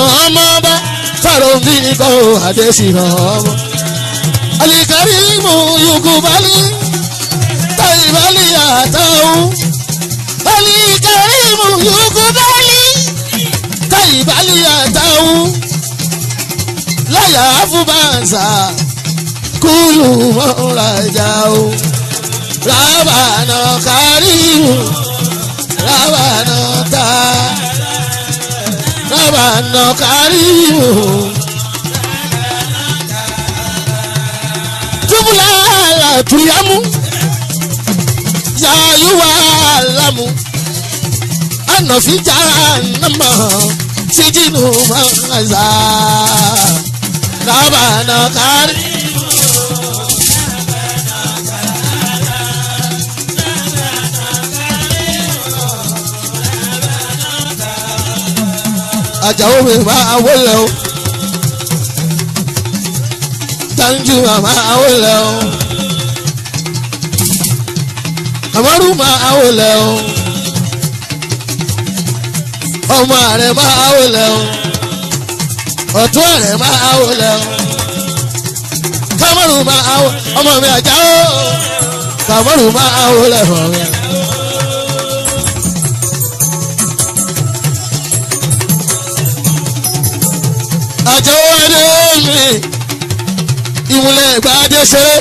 bá fẹ́ràn mi kọ o adésínà ọmọ alikarimu yugubali bali, atau bali yugubali taibali atau láyà fúbàǹsà kúlù mọ́rajà o rábànà kárìmù rábànà tá rábànà kárìmù. la tuyamu ya yuwa lamu anofi jahannama sijinu maza labana kari. àjàó mi máa wọlé tanju ama awolẹ o amaru ma awolẹ o ọmọ rẹ ma awolẹ o ọ̀tún rẹ ma awolẹ o kamaru ma awo ọmọ mi àjà o kamaru ma awolẹ ọmọ mi. àjọ wọlé mi ìwúlẹ̀ ìgbàdé ṣeré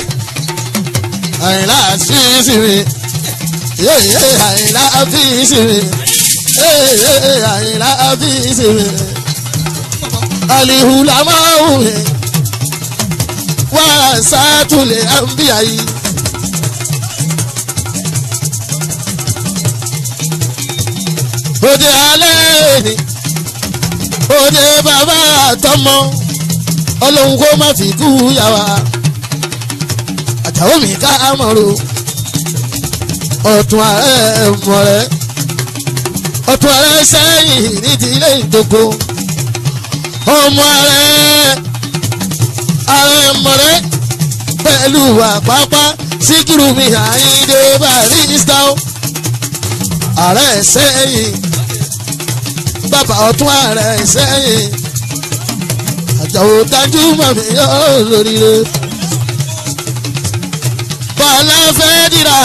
àyìnlá sí ìsinmi àyìnlá fi ìsinmi àyìnlá fi ìsinmi àlìhù làmáhù wà sátúlẹ̀ àmbíyá yìí. òde alẹ́ ni òde bàbá àtọmọ ọlọ́run kó má ti kú yá wa àjàwó mi ká mọ̀rọ̀ ọ̀tún ààrẹ mọ̀rẹ́ ọ̀tún ààrẹ sẹ́yìn ní ti ilé ìdókò ọmọ ààrẹ ààrẹ mọ̀rẹ́ pẹ̀lú àpápá síkírù mi àyíndé barista ààrẹ sẹ́yìn bàbá ọ̀tún ààrẹ sẹ́yìn àjàwò tájú màmí yóò lóríire. bọ́lá fẹ́ dìrà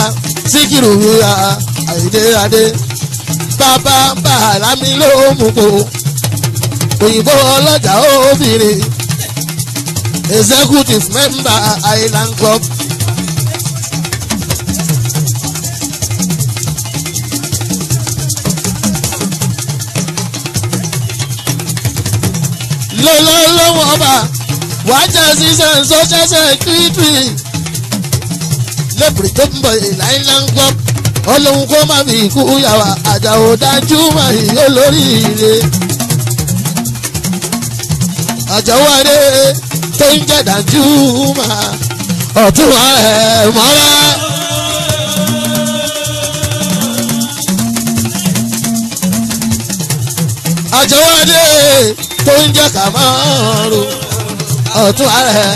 síkìrù wíwá àìdè adé bàbá bàálà mi ló mú kó òyìnbó ọlọ́jà obìnrin executive member island club lọ lọ́wọ́ ọba wájà ṣiṣẹ́ sọ́ṣẹ́ṣẹ́ kírìtì lẹ́bùrì tó ń bọ̀ ìláńlá ń gbọ́ ọlọ́run kó má fi ikú yàwá àjàwò dájú máa yíyó lórí ire àjàwò adé tó ń jẹ́ dájú máa ọ̀tún wa ẹ̀ mọ́ra. àjàwò adé tó ń jẹ́ ká máa ro ọ̀tún ara ẹ̀.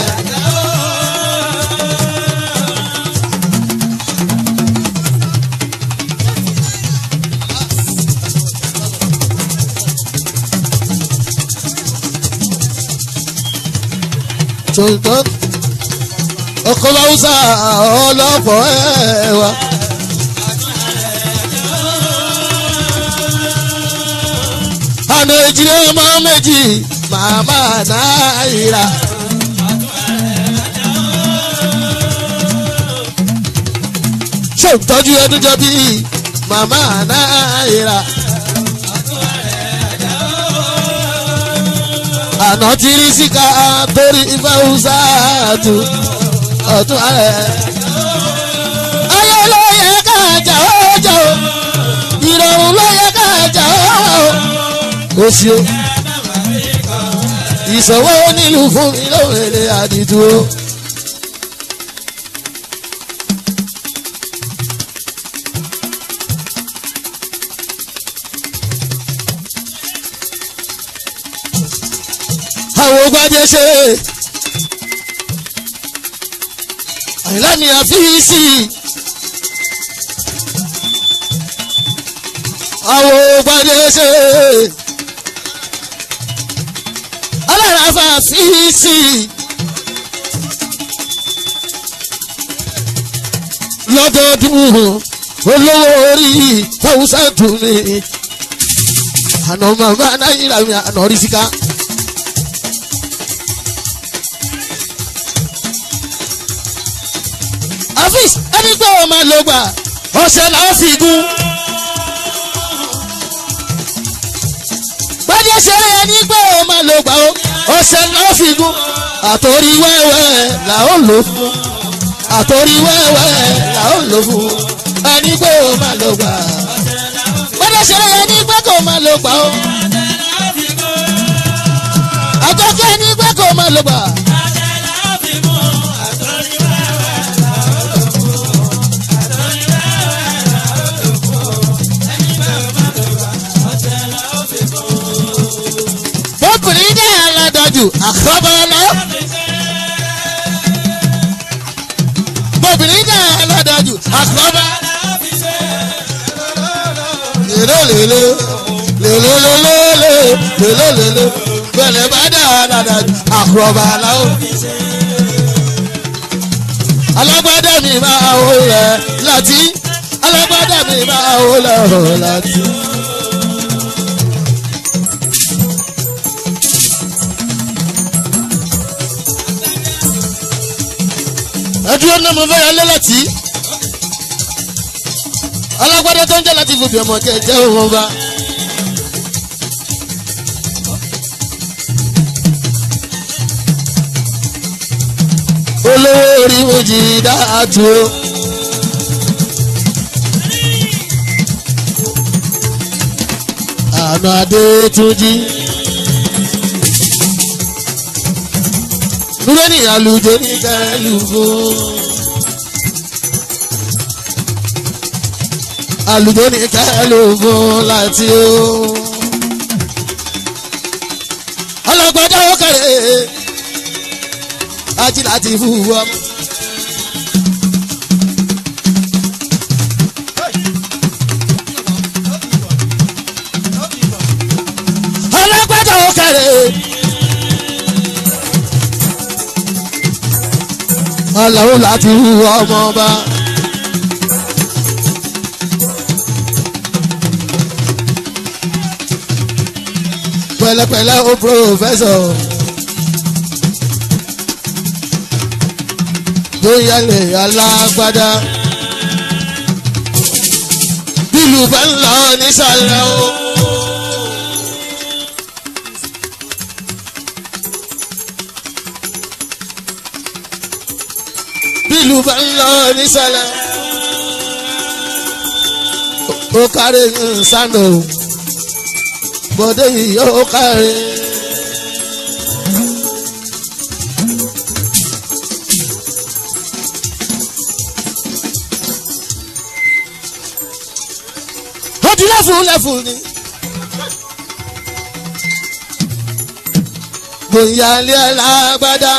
ṣùgbọ́n ọkọ̀ láwùsà ọlọ́pọ̀ ẹ̀ wá. ọ̀nà ìjìnlẹ̀ ọmọ méjì màmá náírà. ṣé ìtọ́jú ẹdún jọ bí màmá náírà. àná ti rí síkà torí ifá húsá tù ọ̀tún ààrẹ. ayé ló yẹ ká jà ó jà ó ìrọ̀rùn ló yẹ ká jà ó ó ṣe. ìṣòwò onílù fún mi lóòrèlè àdìtú o. àwọn gbájẹ ṣe àyìnlá ni àfihìsì àwọn gbájẹ ṣe. I bàbá sísì. lọ́dọọdún olówó orí hausa tún ni àná màmá náírà mi àná rí síká. afis ẹni gbọ́ ọmọ ló gbà ọ̀sẹ̀ làá fi gún. ṣe é ní pé ó máa lò gbà ó ọṣẹ náà fi gún àtòrí wẹ́wẹ́ là ó lò fún àtòrí wẹ́wẹ́ là ó lò fún ẹni pé ó máa lò gbà wọ́n ṣe é pé kó máa lò gbà ó àtòkè ní pé kó máa lò gbà. jù àkọ́bọ̀rọ̀ lọ. Bọ̀bìnrin náà ẹlẹ́dàá jù àkọ́bọ̀rọ̀ lélóléló lélólélólé lélóléló bẹ̀rẹ̀ bá dáadáa jù àkọ́bọ̀rọ̀ lọ. alágbádá mi máa wò lẹ̀ láti alágbádá mi máa wò lẹ̀ láti. dúró náà mo fẹ́ yọ lẹ́lẹ́tì alágbádá tó ń jẹ́ láti fòbí ọmọ kẹjẹ òun bá. olówó orí mo jì dáa tó. àná adé tún jí. Dúró ní àlùjọ ní kẹlùfò. Àlùjọ ní kẹlùfò láti o. Ọlọ́gbọ́dá ó kẹ̀lé. Ají láti fún wa. Ọlọ́gbọ́dá ó kẹ̀lé. aláwo láti rú ọmọ ọba. pẹ̀lẹ́pẹ̀lẹ́ o professor. lóyàlè alágbádá. bílù bá ń lọ nísàlẹ̀ o. ìlú bá ń lọ nísàlẹ̀. ó kárí nsánú bọ́dé yìí ó kárí. ó di lẹ́fun ni. bóyá ilé lágbádá.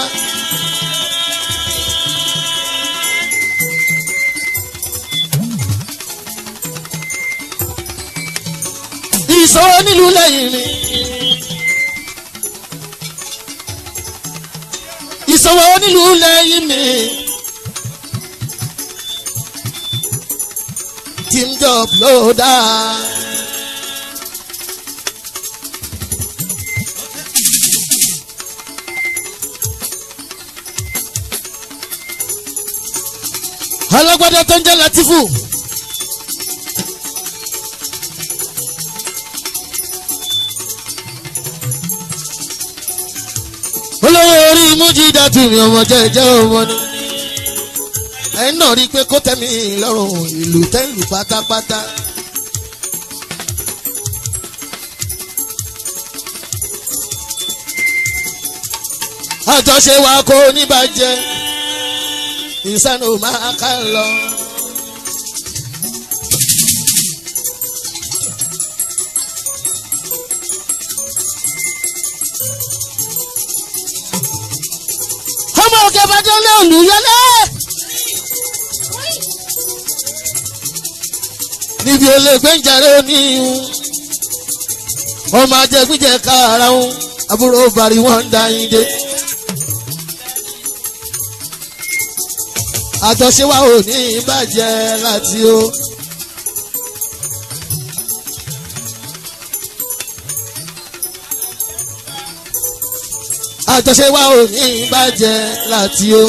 tó nílùú lẹ́yìn mi. ìsanwó onílùú lẹ́yìn mi. tí ń jọ ló dáa. alágbádá tó ń jẹ́ Latifu. jí dàtú ni ọmọ jẹ́ jẹ́ ọmọ ni. ẹ̀yin náà rí i pé kó tẹ̀mí lọ́rùn ìlú tẹ́lù pátápátá. àjọṣe wa kò ní bàjẹ́ ìsánú máa ká lọ. ọmọ òkè bàjẹ́ náà nìyẹlẹ́. níbi elégbé ń jàre oníhun ọmọ ajẹgbíjẹ ká ara ń àbúrò bari wọn ń da yín dé. àjọṣe ò ní bàjẹ́ láti o. àjọṣe wa ò ní bàjẹ́ láti ó.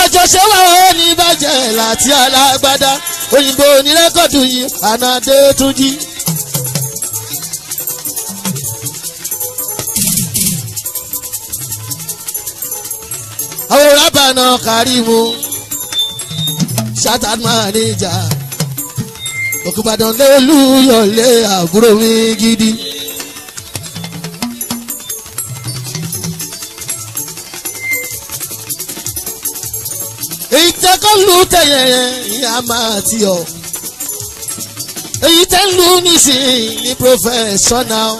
àjọṣe wa ò ní bàjẹ́ láti alágbádá òyìnbó onílẹ́kọ̀dù yìí ànádé tún jí. Gana Karimu Shattered manager Òkúbàdàn lélú yọ̀lé àbúrò mi gidi. Èyí tẹ́ kọ́ lù tẹ̀yẹ̀ ìyá máa ti ọ̀. Èyí tẹ́ lù nísìnyí ní professional.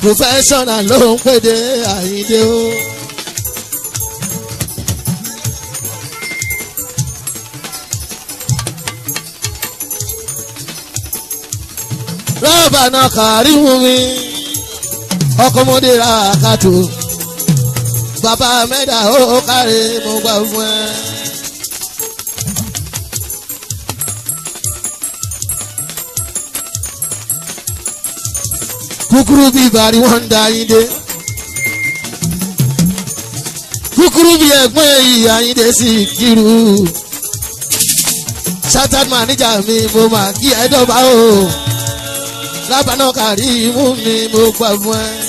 professional ló ń pèdè àyíndé o. rọ́bà náà kàrí mú mi ọkọ̀mọdé ra àkàtò bàbá mẹ́ta ó kárí mo fún ẹ. kúkúrú bíi ìbàrí wọ́n ń da yín dé kúkúrú bíi ẹ̀gbọ́n ìyá yín dé sí kírú sátán màníjà mi mo mà kí ẹ dọ́gba o lábàánà kàrí imú mi mo gbà